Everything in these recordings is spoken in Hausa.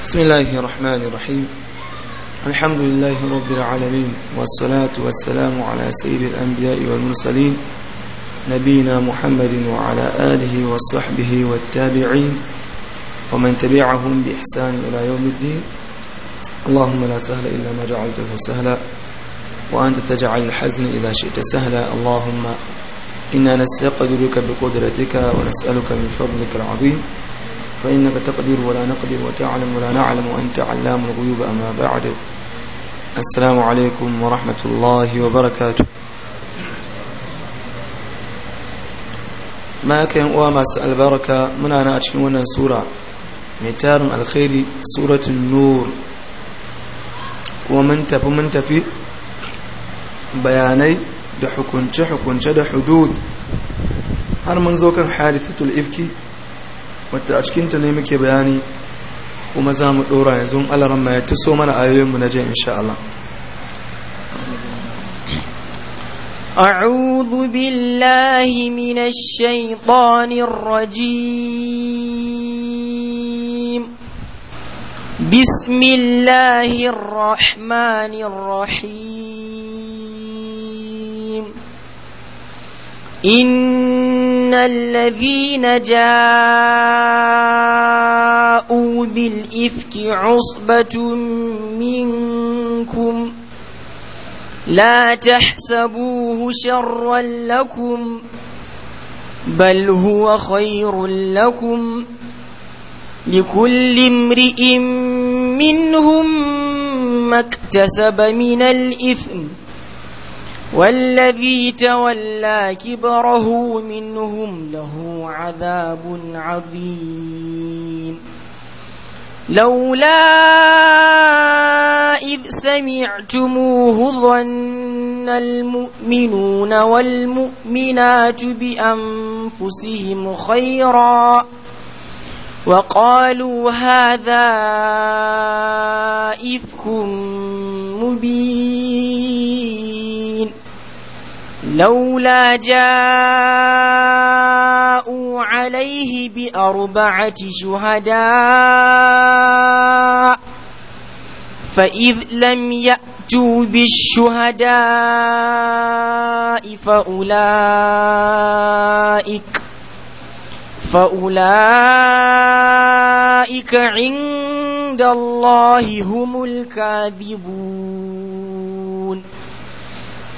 بسم الله الرحمن الرحيم الحمد لله رب العالمين والصلاة والسلام على سيد الأنبياء والمرسلين نبينا محمد وعلى آله وصحبه والتابعين ومن تبعهم بإحسان إلى يوم الدين اللهم لا سهل إلا ما جعلته سهلا وأنت تجعل الحزن إذا شئت سهلا اللهم إنا نستقدرك بقدرتك ونسألك من فضلك العظيم فإنك تقدر ولا نقدر وتعلم ولا نعلم وأنت علام الغيوب أما بعد السلام عليكم ورحمة الله وبركاته ما كان وما سأل بركة من أنا أتشكي سورة ميتار الخير سورة النور ومن تفي من تفي بياني da hukunce-hukunce حدود هل har mun zo wata a cikin ta ne muke bayani kuma za mu dora yanzu alaran mai tuso mana ayoyinmu na jin insha Allah أعوذ بالله من الشيطان الرجيم بسم الله الرحمن الرحيم إن الذين جاءوا بالإفك عصبة منكم لا تحسبوه شرا لكم بل هو خير لكم لكل امرئ منهم ما اكتسب من الإثم والذي تولى كبره منهم له عذاب عظيم لولا إذ سمعتموه ظن المؤمنون والمؤمنات بأنفسهم خيرا وقالوا هذا إفك مبين لولا جاءوا عليه بأربعة شهداء فإذ لم يأتوا بالشهداء فأولئك فأولئك عند الله هم الكاذبون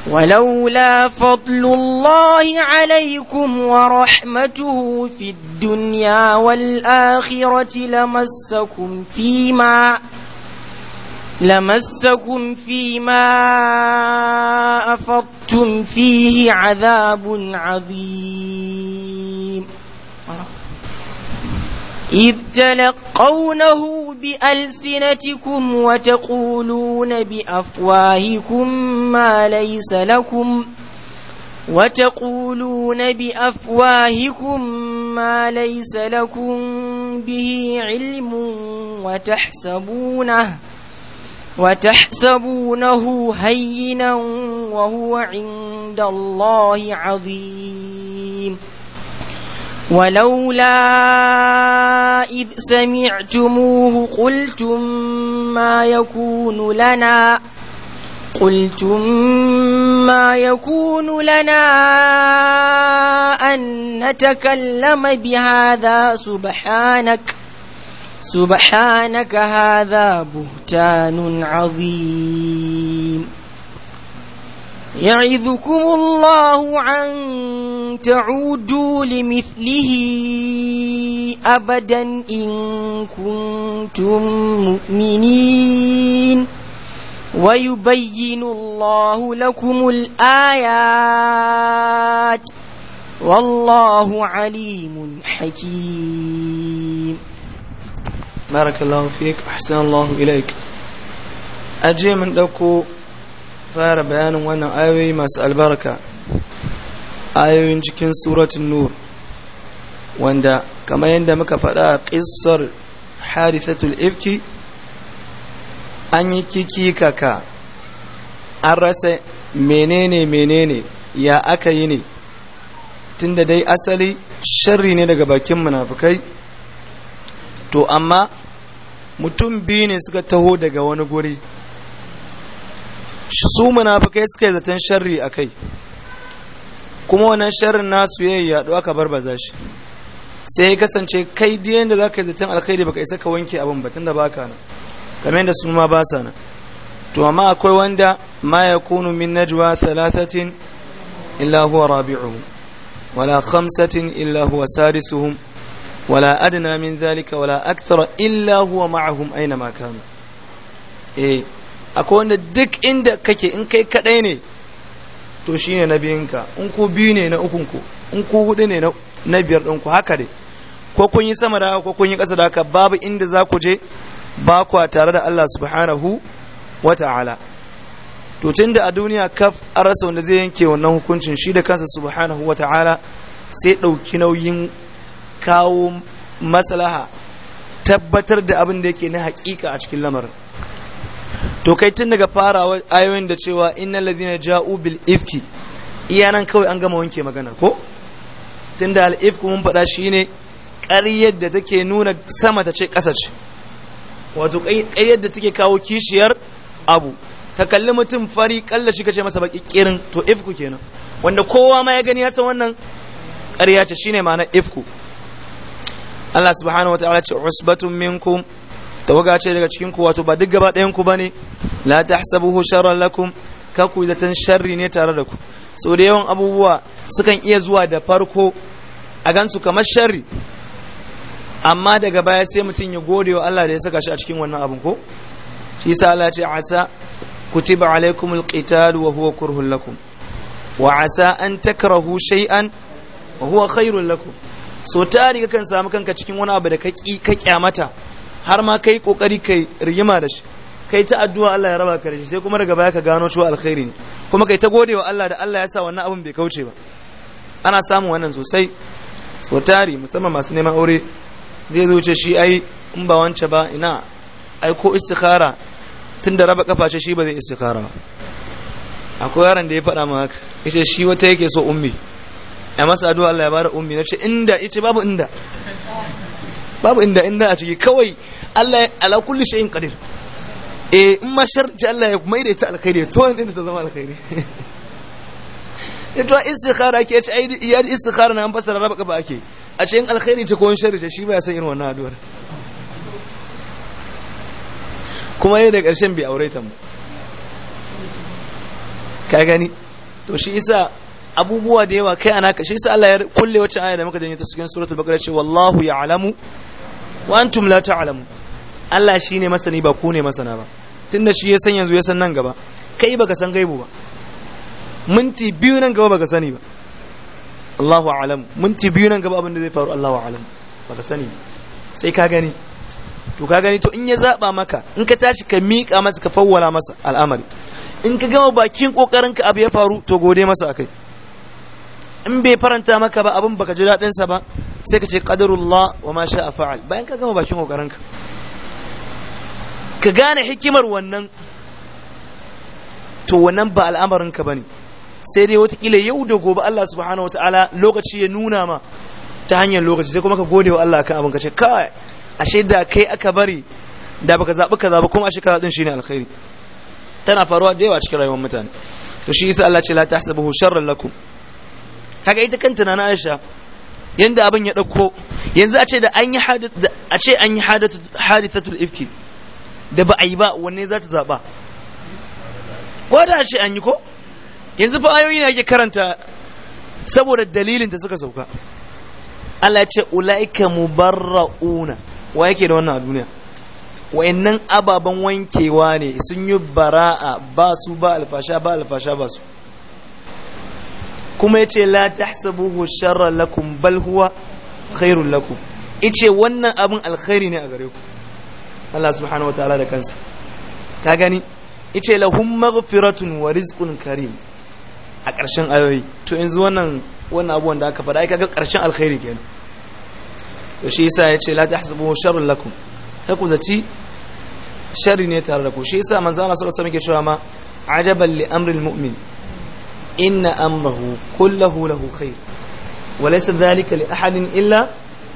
ولولا فضل الله عليكم ورحمته في الدنيا والآخرة لمسكم فيما لمسكم فيما أفضتم فيه عذاب عظيم إذ تلقونه بألسنتكم وتقولون بأفواهكم ما ليس لكم وتقولون بأفواهكم ما ليس لكم به علم وتحسبونه وتحسبونه هينا وهو عند الله عظيم ولولا إذ سمعتموه قلتم ما يكون لنا قلتم ما يكون لنا أن نتكلم بهذا سبحانك سبحانك هذا بهتان عظيم يعذكم الله عن تعودوا لمثله أبدا إن كنتم مؤمنين ويبين الله لكم الآيات والله عليم حكيم بارك الله فيك أحسن الله إليك أجي من لكم fara bayanin wannan ayoyi masu albarka ayoyin cikin suratun nur wanda kamar yadda muka faɗa a ƙisar harithatul ifki an yi kiki kaka an rasa menene menene ya aka yi ne tunda dai asali sharri ne daga bakin munafukai to amma mutum biyu ne suka taho daga wani guri su munafukai suka yi zaton sharri a kai kuma wannan sharrin nasu ya yaɗu aka barbaza shi sai ya kasance kai diyan da za ka yi zaton alkhairi baka isa ka wanke abin ba da ba ka nan kamar yadda su ma ba sa nan to amma akwai wanda ma ya kunu min najwa thalathatin illa huwa rabi'uhum wala khamsatin illa huwa sadisuhum wala adna min zalika wala akthara illa huwa ma'ahum aina ma kana eh akwai wanda duk inda kake in kai kadai ne to shi ne na biyinka in ku biyu ne na ukunku in ku hudu ne na biyar ɗinku haka ne. ko kun yi sama da haka ko kun yi ƙasa da haka babu inda za ku je ba kwa tare da Allah subhanahu wa ta'ala to tun da a duniya kaf a rasa wanda zai yanke wannan hukuncin shi da kansa subhanahu wa ta'ala sai ɗauki nauyin kawo maslaha tabbatar da abin da yake na haƙiƙa a cikin lamarin to kai tun daga farawa ayoyin da cewa innal ladina ja'u bil ifki iya nan kawai an gama wanke magana ko tunda al ifku mun faɗa shine ƙaryar da take nuna sama ta ce ƙasa ce wato ƙaryar da take kawo kishiyar abu ka kalli mutum fari kalla shi ka kace masa baki kirin to ifku kenan wanda kowa ma ya gani ya san wannan ƙarya ce shine ma'anar ifku Allah subhanahu ta'ala ce usbatun minkum tawaga ce daga cikin ku wato ba duk gaba ɗayan ku bane la tahsabuhu sharran lakum ka ku tan sharri ne tare da ku sau da yawan abubuwa sukan iya zuwa da farko a gansu kamar sharri amma daga baya sai mutum ya gode wa Allah da ya saka shi a cikin wannan abin ko shi sa Allah ce asa kutiba alaikumul qital wa huwa kurhul lakum wa asa an takrahu shay'an wa huwa khairul lakum so tari kan samu kanka cikin wani abu da ka ki ka kyamata har ma kai kokari kai rigima da shi kai ta addu'a Allah ya raba ka da shi sai kuma daga baya ka gano cewa alkhairi ne kuma kai ta gode wa Allah da Allah ya sa wannan abin bai kauce ba ana samun wannan sosai so tari musamman masu neman aure zai zo ce shi ai in ba wance ba ina ai ko istikhara tun da raba kafa ce shi ba zai istikhara ba akwai yaron da ya faɗa min haka yace shi wata yake so ummi a masa addu'a Allah ya bada ummi nace inda ita babu inda babu inda inda a ciki kawai Allah ala kulli shay'in qadir eh in ma sharji Allah ya maida ta alkhairi to inda ta zama alkhairi ito istikhara ke ce ai ya istikhara na an fasara rabaka ba ake a cikin alkhairi ta ko sharri ta shi ba ya san irin wannan addu'ar kuma yayin da karshen bi aure mu ka gani to shi isa abubuwa da yawa kai anaka shi isa Allah ya kulle wacce aya da muka janye ta cikin suratul baqara ce wallahu ya'lamu wa antum la ta'lamu Allah shine masani ba ku ne masana ba tunda shi ya san yanzu ya san nan gaba kai baka san gaibu ba minti biyu nan gaba baka sani ba Allahu a'lam minti biyu nan gaba abin da zai faru Allahu a'lam baka sani sai ka gani to ka gani to in ya zaba maka in ka tashi ka miƙa masa ka fawwala masa al'amari in ka gama bakin kokarin ka abu ya faru to gode masa akai in bai faranta maka ba abin baka ji daɗin sa ba sai ka ce qadarullah wa ma a fa'al bayan ka gama bakin kokarinka ka gane hikimar wannan to wannan ba al'amarinka ne sai dai watakila yau da gobe Allah subhanahu wataala lokaci ya nuna ma ta hanyar lokaci sai kuma ka gode wa Allah kan abin ka ce kai ashe da kai aka bari da baka zaɓi kaza zaɓi kuma ashe kaza shi shine alkhairi tana faruwa da yawa cikin rayuwar mutane to shi Isa Allah ce la sabu sharran lakum kaga ita kanta na Aisha yanda abin ya ɗauko yanzu a ce da an yi a ce an yi hadithatul ifki da ba a yi ba wanne za ta zaɓa ko da a ce an yi ko yanzu fa ayoyi ne yake karanta saboda dalilin da suka sauka Allah ya ce ulaika mubarrauna wa yake da wannan a duniya wayannan ababen wankewa ne sun yi bara'a ba su ba alfasha ba alfasha ba su kuma ya ce la tahsabuhu sharran lakum bal huwa khairul lakum yace wannan abin alkhairi ne a gare ku Allah subhanahu wataala da kansa ka gani yace lahum maghfiratun wa rizqun karim a ƙarshen ayoyi to yanzu wannan wannan abuwan da aka faɗa ai kaga ƙarshen alkhairi kenan to shi yasa ce la tahsabuhu sharran lakum kai ku zaci sharri ne tare da ku shi yasa manzo Allah sallallahu alaihi wasallam yake cewa ma ajaban li amril mu'min إن أمره كله له خير وليس ذلك لأحد إلا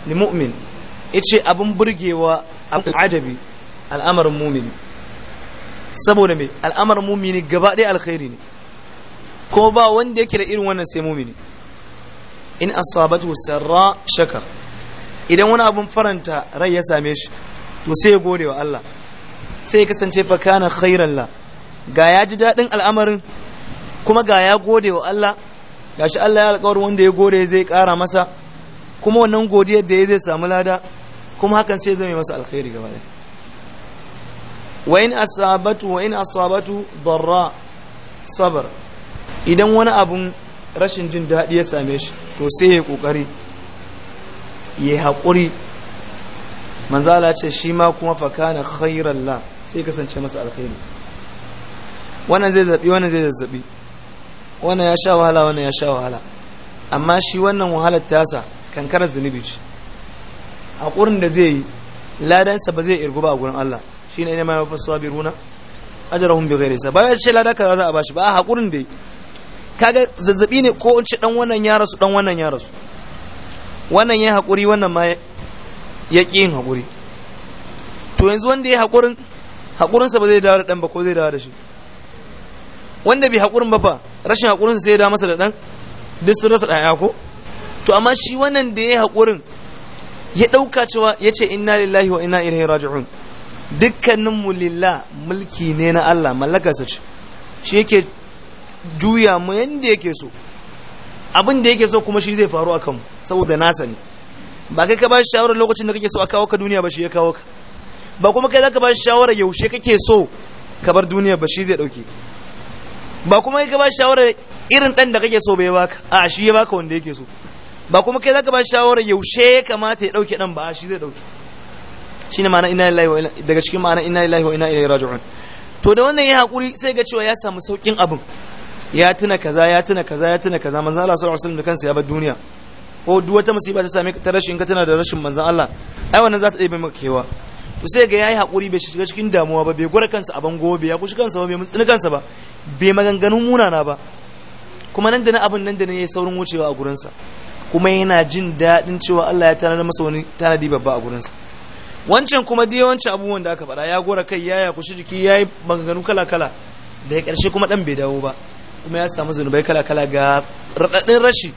لمؤمن إتشي أبن برجي وعجبي الأمر المؤمن saboda me al'amar mumini gaba ɗaya alkhairi ne ko ba wanda yake da irin wannan sai mumini in asabatu sarra shakar idan wani abun faranta rai ya same shi to ya gode wa Allah sai ya kasance fa kana khairan la ga ya ji daɗin al'amarin kuma ga ya gode wa Allah gashi Allah ya alƙawar wanda ya gode zai ƙara masa kuma wannan godiyar da ya zai samu lada kuma hakan sai zai masa alkhairi gaba da wa in asabatu wa in asabatu darra sabar idan wani abun rashin jin daɗi ya same shi to sai ya kokari ya haƙuri manzala ce shi ma kuma fakana khairan la sai kasance masa alkhairi wannan zai zaɓi wannan zai zazzaɓi wannan ya sha wahala wannan ya sha wahala amma shi wannan wahalar tasa kankarar zunubi ce a ƙurin da zai yi ladansa ba zai irgu ba a gurin Allah shi ne ne ma mafi sabiruna ajarahun bi gairisa ba ya ce lada ka za a bashi ba a haƙurin da yi kaga zazzabi ne ko in ce dan wannan ya rasu dan wannan ya rasu wannan ya haƙuri wannan ma ya ƙi yin haƙuri to yanzu wanda ya haƙurin haƙurinsa ba zai dawo da ɗan ba ko zai dawo da shi wanda bai haƙurin ba fa rashin haƙurin sai da masa da ɗan duk sun rasa ɗaya ko to amma shi wannan da ya haƙurin ya ɗauka cewa ya ce inna lillahi wa inna ilaihi raji'un dukkanin mu lillah mulki ne na Allah mallakarsa ce shi yake juya mu yanda yake so abin da yake so kuma shi zai faru a kanmu saboda nasa ne ba kai ka ba shi shawarar lokacin da kake so a kawo ka duniya ba shi ya kawo ka ba kuma kai za ka ba shi shawarar yaushe kake so ka bar duniya ba shi zai ɗauke ba kuma kai ka ba shawarar irin dan da kake so bai baka a shi ya baka wanda yake so ba kuma kai zaka ba shawarar yaushe ya kamata ya dauke dan ba a shi zai dauke shine ma'ana inna lillahi wa daga cikin ma'ana inna lillahi wa inna ilaihi raji'un to da wannan ya hakuri sai ga cewa ya samu saukin abin ya tuna kaza ya tuna kaza ya tuna kaza manzo Allah sallallahu alaihi wasallam da kansa ya bar duniya ko duk wata musiba ta same ka ta rashin ka tana da rashin manzo Allah ai wannan za ta ɗebe maka kewa to sai ga yayi hakuri bai shiga cikin damuwa ba bai gura kansa a bango bai ya kushi kansa ba bai mutsini kansa ba bai maganganun munana ba kuma nan da na abin nan da ne yayi saurin wucewa a gurinsa kuma yana jin daɗin cewa Allah ya tanada masa wani tanadi babba a gurinsa wancan kuma dai wancan abubuwan da aka faɗa ya gora kai ya ya kushi jiki ya yi maganganu kala kala da ya ƙarshe kuma dan bai dawo ba kuma ya samu zunubai kala kala ga radadin rashi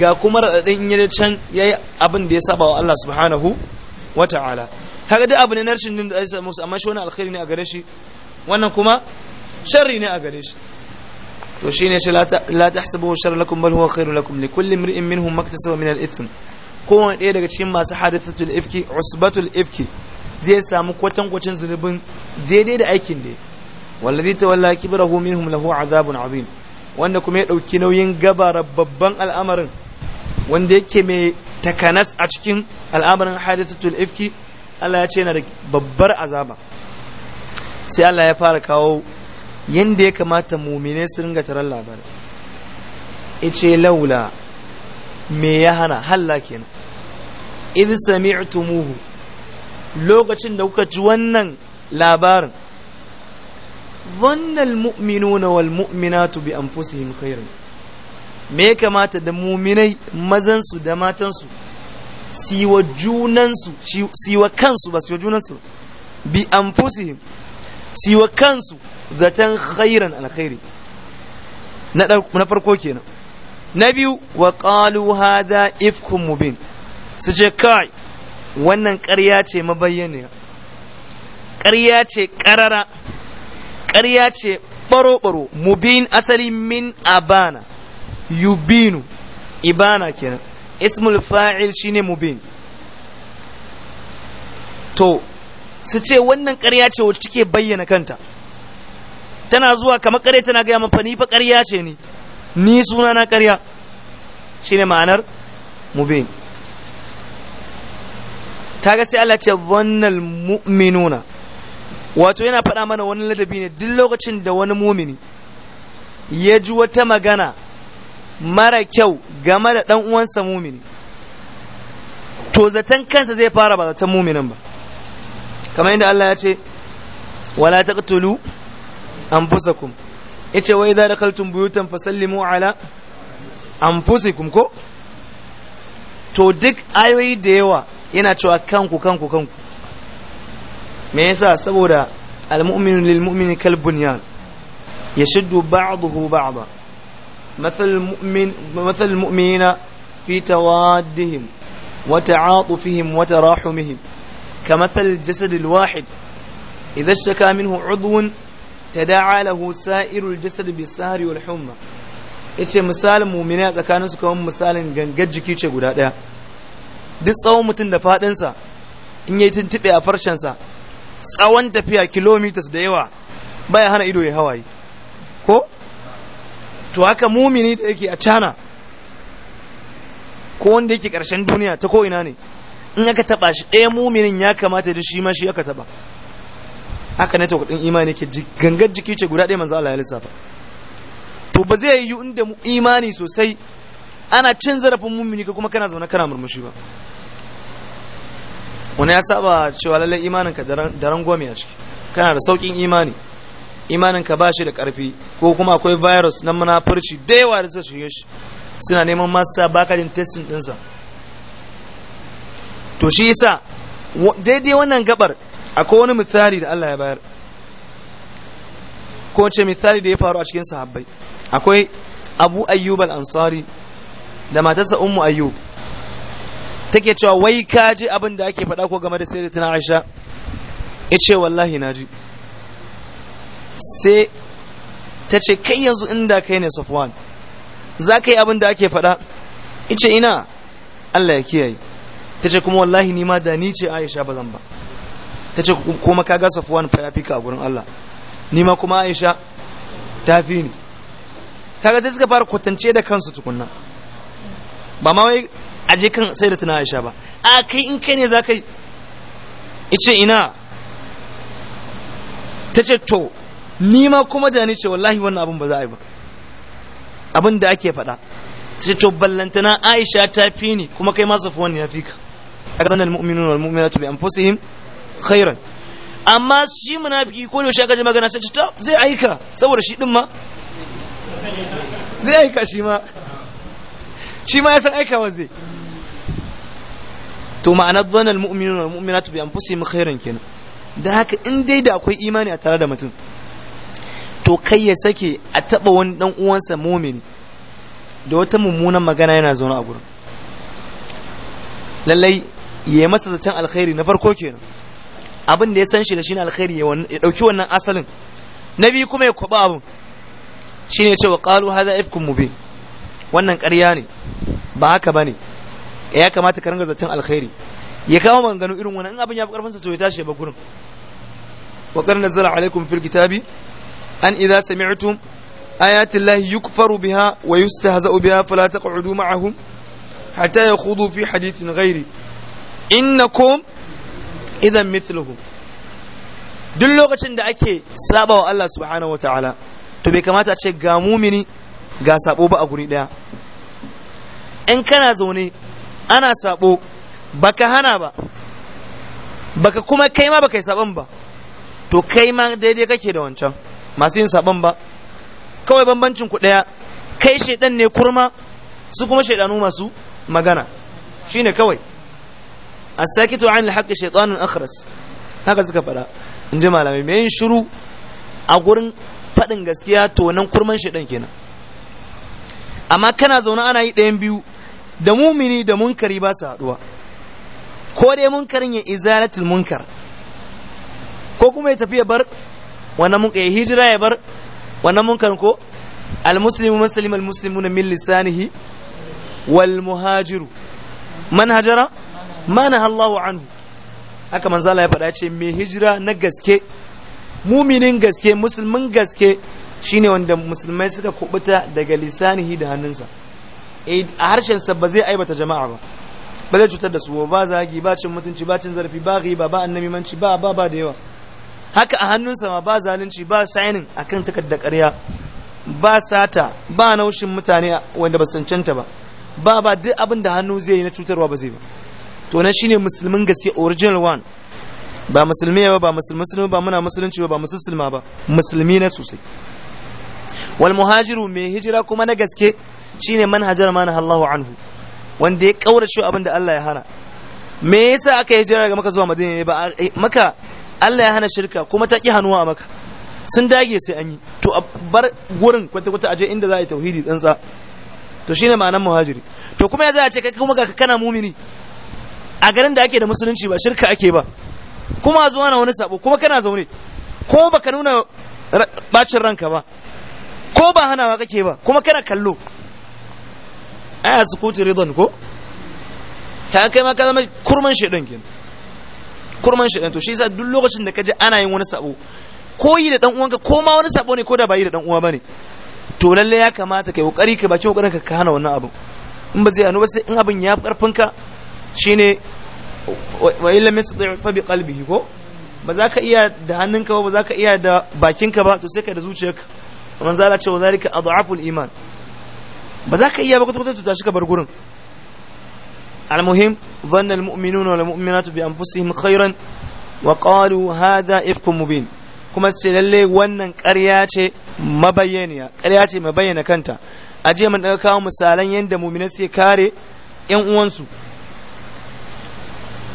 ga kuma radadin yin can ya yi abin da ya saba wa Allah subhanahu wa ta'ala kaga duk abu ne na rashin jin aisa musu amma shi wani alkhairi ne a gare shi wannan kuma sharri ne a gare shi to shine shi la tahsabuhu sharran lakum bal huwa khairu lakum li kulli mri'in minhum maktasaba min al-ithm kowane ɗaya daga cikin masu hadathatul ifki usbatul ifki zai samu kwatankwacin zunubin daidai da aikin da wallazi tawalla kibrahu minhum lahu azabun azim wanda kuma ya dauki nauyin gabara babban al'amarin wanda yake mai takanas a cikin al'amarin hadisatul ifki Allah ya ce yana da babbar azaba sai Allah ya fara kawo yadda ya kamata mumine su ringa taron labarin ice laula me ya hana halla kenan idh sami'tumuhu lokacin da kuka ji wannan labarin ظن المؤمنون والمؤمنات بأنفسهم خيرا me ya kamata da muminai mazansu da matansu siwa junansu siwa kansu ba siwa junansu bi anfusihim siwa kansu zaton khairan alkhairi na na farko kenan na biyu wa qalu hadha ifkum mubin su ce kai wannan ƙarya ce mabayyaniya ƙarya ce ƙarara ƙarya ce ɓaro-ɓaro mubin asali min abana yubinu ibana kenan ismul fa'il ne mubin to su ce wannan ƙarya ce wacce take bayyana kanta tana zuwa kamar ƙarya tana gaya mafa ni fa ƙarya ce ni ni suna na ƙarya shine ma'anar mubin ga sai Allah ce zannal mu'minuna wato yana faɗa mana wani ladabi ne duk lokacin da wani mumini ya ji wata magana mara kyau game da ɗan uwansa mumini to zaton kansa zai fara ba zaton muminin ba kamar yadda Allah ya ce wala taqtulu anfusakum yace wa idza dakaltum buyutan fasallimu ala anfusikum ko to duk ayoyi da yawa yana cewa kanku kanku kanku me yasa saboda al-mu'minu lil mu'mini kal bunyan yashuddu ba'dahu ba'dahu مثل المؤمن مثل المؤمنين في توادهم وتعاطفهم وتراحمهم كمثل الجسد الواحد إذا اشتكى منه عضو تداعى له سائر الجسد بالسهر والحمى yace misalin mumina tsakanin su kawai misalin gangar jiki ce guda ɗaya duk tsawon mutum da faɗinsa in yi tuntuɓe a farshensa tsawon tafiya kilomitas da yawa baya hana ido ya hawaye ko to haka mumini da yake a cana ko wanda yake ƙarshen duniya ta ko ina ne in aka taba shi ɗaya eh, muminin ya kamata da shi ma shi aka taba haka ne ta kudin imani ke gangar jiki ce guda ɗaya manzo Allah ya lissafa to ba zai yi inda imani sosai ana cin zarafin mumini kuma kana zaune kana murmushi ba wani ya saba cewa lallai imaninka da rangwame a ciki kana da sauƙin imani imaninka ba shi da ƙarfi ko kuma akwai virus na munafurci da yawa da suka yi shi suna neman masa baka jin testing ɗinsa to shi yasa daidai wannan gabar akwai wani misali da Allah ya bayar ko ce misali da ya faru a cikin sahabbai akwai abu ayyub al-ansari da matarsa ummu ayyub take cewa wai ka je abin da ake faɗa ko game da sayyidatina aisha ice wallahi naji ji sai ta ce kai yanzu inda kai ne safwan za ka yi abin da ake faɗa ce ina Allah ya kiyaye ta ce kuma wallahi ni ma da ni ce Aisha ba zan ba ta ce kuma ka ga safwan fa ya fi ka a gurin Allah ni ma kuma Aisha ta fi ni kaga sai suka fara kwatance da kansu tukunna ba ma wai a je kan sai da tuna Aisha ba a kai in kai ne za ka yi ce ina ta ce to ni ma kuma da ni ce wallahi wannan abin ba za a yi ba abin da ake faɗa sai to ballantana Aisha ta fi ni kuma kai ma safuwan ya fi ka aganal mu'minun wal mu'minatu bi anfusihim khairan amma shi munafiki ko da shaka magana sai ta zai aika saboda shi din ma zai aika shi ma shi ma ya san aika wa zai to ma'ana dhanal mu'minun wal mu'minatu bi anfusihim khairan kenan da haka in dai da akwai imani a tare da mutum to kai ya sake a taɓa wani ɗan uwansa mumini da wata mummunan magana yana zaune a gurin lallai ya yi masa zaton alkhairi na farko kenan abin da ya san shi da shi na alkhairi ya ɗauki wannan asalin na biyu kuma ya kwaɓa abin shi ne cewa ƙalu haza ifkun mubin wannan ƙarya ne ba haka ba ne ya kamata ka ringa zaton alkhairi ya kawo maganganu irin wannan in abin ya fi ƙarfinsa to ya tashi ya ba gurin wa ƙarnar zara alaikum fil kitabi an idza sami'tum ayati llahi yukfaru biha wa yustahza'u biha fala taq'udu ma'ahum hatta yakhudu fi hadithin ghairi innakum idan mithluhum duk lokacin da ake saba wa Allah subhanahu wa ta'ala to bai kamata a ce ga mumini ga sabo ba a guri daya in kana zaune ana sabo baka hana ba baka kuma kai ma baka yi sabon ba to kai ma daidai kake da wancan masu yin saban ba kawai bambancin ku ɗaya kai shaidan ne kurma su kuma shaidanu masu magana shine kawai a sakitu an al-haqq akhras haka suka fada in ji malamai me yin shiru a gurin faɗin gaskiya to nan kurman shaidan kenan amma kana zaune ana yi ɗayan biyu da mumini da munkari ba su haɗuwa ko dai munkarin ya izalatul munkar ko kuma ya tafi ya bar wannan mun kai hijira ya bar wannan mun kan ko al muslimu muslimu al muslimu na min lisanihi wal muhajiru man hajara manaha Allahu anhu haka manzala ya faɗa ce mai hijira na gaske muminin gaske musulmin gaske shine wanda musulmai suka kubuta daga lisanihi da hannunsa eh, a sa ba zai aibata jama'a ba ba zai cutar da su ba zagi ba cin mutunci ba cin zarafi ba ghiba ba manci ba ba ba da yawa haka a hannunsa ma ba zalunci ba sainin akan takardar ƙarya ba sata ba naushin mutane wanda ba cancanta ba ba ba duk abin da hannu zai yi na cutarwa ba zai ba to na shine musulmin gaske original one ba musulmi ba ba musulmi ba muna musulunci ba ba musulma ba musulmi na sosai wal muhajiru mai hijira kuma na gaske shine man hajara mana Allahu anhu wanda ya kaurace abin da Allah ya hana me yasa aka hijira ga maka zuwa madina ba eh, maka Allah ya hana shirka kuma ta ƙi hannuwa a maka sun dage sai an yi to a bar gurin kwata-kwata aje inda za a yi tauhidi tsantsa to shine ma'anar muhajiri to kuma ya za a ce kai kuma ga kana mumini a garin da ake da musulunci ba shirka ake ba kuma a zuwa na wani sabo kuma kana zaune ko baka nuna bacin ranka ba ko ba hanawa kake ba kuma kana kallo aya sukuti ridan ko ka kai ma ka zama kurman shedan kenan kurman shi to shi yasa duk lokacin da kaje ana yin wani sabo ko yi da dan uwanka ko ma wani sabo ne ko da ba yi da dan uwa bane to lalle ya kamata kai kokari ka baci kokarin ka hana wannan abu in ba zai anu ba sai in abin ya karfin ka shine wa illa mistati fa bi qalbihi ko ba za ka iya da hannunka ba ba za ka iya da bakinka ba to sai ka da zuciyarka manzo Allah ce wa zalika adhaful iman ba za ka iya ba ko to tuta shi ka bar gurin المهم ظن المؤمنون والمؤمنات بأنفسهم خيرا وقالوا هذا إفك مبين kuma su lalle wannan ƙarya ce mabayyaniya ƙarya ce kanta a jiya mun daga misalan yadda mu'minai suke kare ƴan uwansu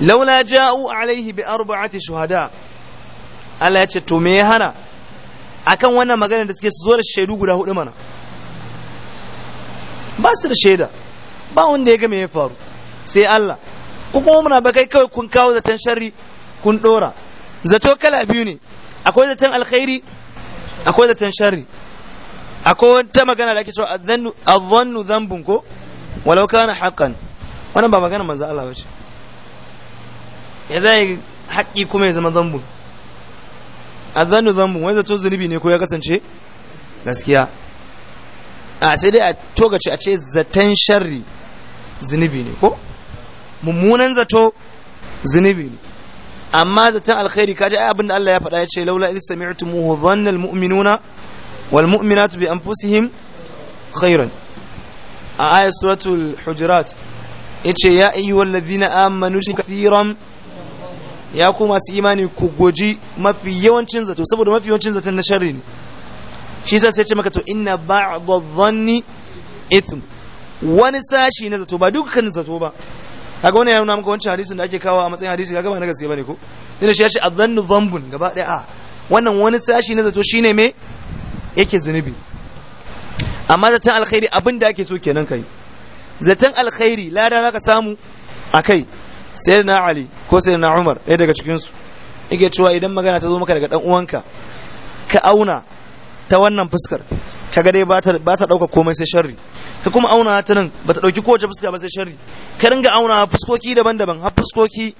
laula ja'u alaihi bi arba'ati shuhada Allah ya ce to me ya hana akan wannan maganar da suke su zo da shaidu guda hudu mana ba su da shaida ba wanda ya ga me ya faru sai Allah ko kuma muna ba kai kawai kun kawo zaton sharri kun dora zato kala biyu ne akwai zaton alkhairi akwai zaton sharri akwai wata magana da ake cewa azannu zambun ko walau kana haqqan wannan ba magana manzo Allah bace ya zai haƙi kuma ya zama zambun azannu zambun wai zato zunubi ne ko ya kasance gaskiya a sai dai a togace a ce zaton sharri zunubi ne ko mummunan zato zunubi ne amma zaton alkhairi kaji ai abinda Allah ya faɗa ya ce laula idh sami'tumuhu dhanna almu'minuna wal mu'minatu bi anfusihim khairan a ayat suratul hujurat yace ya ayyuhallazina amanu kathiran ya ku masu imani ku goji mafi yawancin zato saboda mafi yawancin zaton na sharri ne shi yasa sai ce maka to inna ba'd adh-dhanni ithm wani sashi na zato ba dukkan zato ba kaga wannan ya nuna maka wancan hadisin da ake kawo a matsayin hadisi kaga ba na gaske bane ko tunda shi ya ce adhannu dhanbun gaba daya a wannan wani sashi na zato shine me yake zunubi amma zatan alkhairi abin da ake so kenan kai zatan alkhairi lada zaka samu akai sayyidina ali ko sayyidina umar ɗaya daga cikin su yake cewa idan magana ta zo maka daga dan uwanka ka auna ta wannan fuskar kaga dai ba ta ɗauka komai sai sharri ka kuma auna ta nan ba ta ɗauki kowace fuska ba sai sharri ka ringa auna fuskoki daban-daban har fuskoki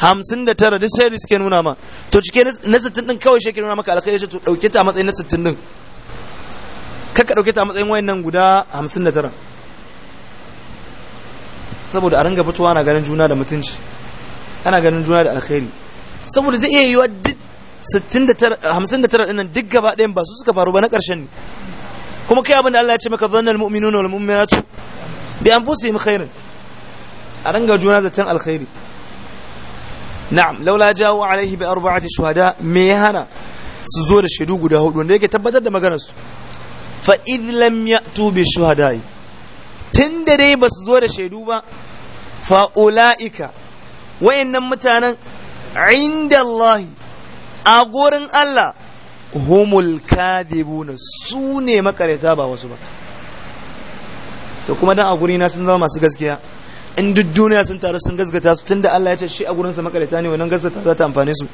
hamsin da tara duk sharri suke nuna ma to cike na sittin ɗin kawai shi ke nuna maka alkhairi shi to ɗauke ta a matsayin na sittin ɗin ka ɗauke ta a matsayin wayannan guda hamsin da tara saboda a ringa fitowa ana ganin juna da mutunci ana ganin juna da alkhairi saboda zai iya yiwuwa duk 59 59 ɗin nan duk gaba ɗayan ba su suka faru ba na ƙarshen ne kuma kai abin da Allah ya ce maka zannal mu'minuna wal mu'minatu bi anfusihim khairan a ranga juna zaton alkhairi na'am laula jawo alaihi bi arba'ati shuhada me ya hana su zo da shaidu guda hudu wanda yake tabbatar da maganar su fa id lam ya'tu bi shuhada'i tunda dai ba su zo da shaidu ba fa ulaika wayannan mutanen inda Allah a gurin Allah humul kadibuna su ne makareta ba wasu ba to kuma dan a guri na sun zama masu gaskiya in duk duniya sun taru sun gaskata su tunda Allah ya ce shi a gurin sa makareta ne wannan gaskata za ta amfane su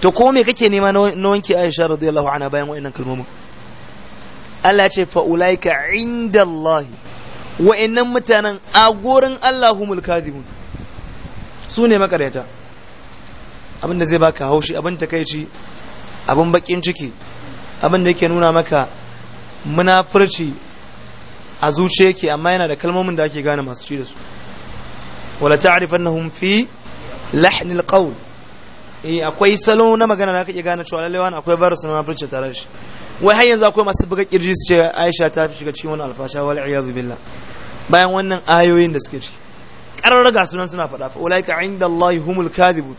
to ko me kake nema na wanke Aisha radiyallahu anha bayan wa'annan kalmomin Allah ya ce fa ulaika Wa wa'annan mutanen a gurin humul kadibun su ne makareta abinda zai baka haushi abin takaici abin bakin ciki abin da yake nuna maka munafurci a zuciya yake amma yana da kalmomin da ake gane masu ci da su wala ta'rifannahum fi lahnil qawl eh akwai salo na magana da kake gane cewa lalle wani akwai virus na munafurci tare da shi wai har yanzu akwai masu buga kirji su ce Aisha ta fi shiga cikin wani alfasha wal iyad billah bayan wannan ayoyin da suke ciki karar raga sunan suna faɗa fa ulaika inda Allah humul kadibun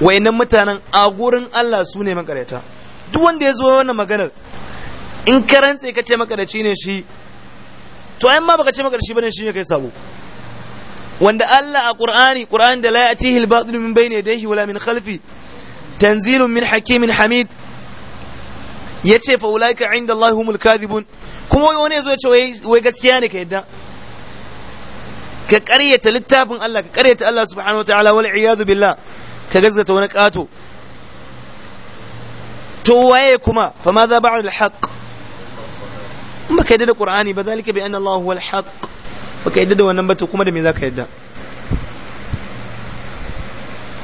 wayannan mutanen a gurin Allah su ne makareta duk wanda ya zo wannan maganar in ka rantse ka ce makaraci ne shi to ayin ma baka ce makaraci bane shi ne kai sabo wanda Allah a Qur'ani Qur'ani da la ya'tihi al-batil min bayni yadayhi wala min khalfi tanzilun min hakimin hamid yace fa ulaika inda Allah humul kadhibun kuma wani yazo ya ce wai gaskiya ne ka yadda ka karyata littafin Allah ka karyata Allah subhanahu wa wataala wal iyadu billah ka gazgata wani ƙato to waye kuma fa ma za ba'al haqq in baka yadda da qur'ani ba zalika bi anna allah huwal haqq baka yadda da wannan ba to kuma da me zaka yadda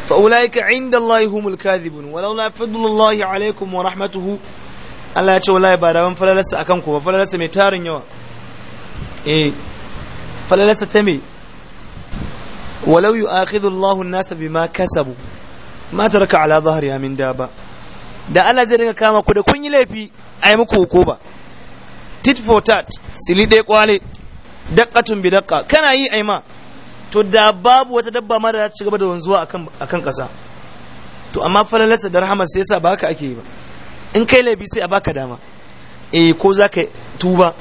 fa ulaika inda allah humul kadhibun walaula fadlullahi alaikum wa rahmatuhu Allah ya ce wallahi ba da ban falalarsa akan ku ba falalarsa mai tarin yawa eh falalarsa ta me walau yu'akhidhu Allahu an-nasa bima kasabu ma taraka ala zahriha min daba da Allah zai dinga kama ku da kun yi laifi ai muku hukuma tit for tat sili dai kwale daqqatun bi daqqa kana yi ai ma to da babu wata dabba mara za ta ci gaba da wanzuwa akan akan kasa to amma falalarsa da rahama sai yasa ba haka ake yi ba in kai laifi sai a baka dama eh ko za ka tuba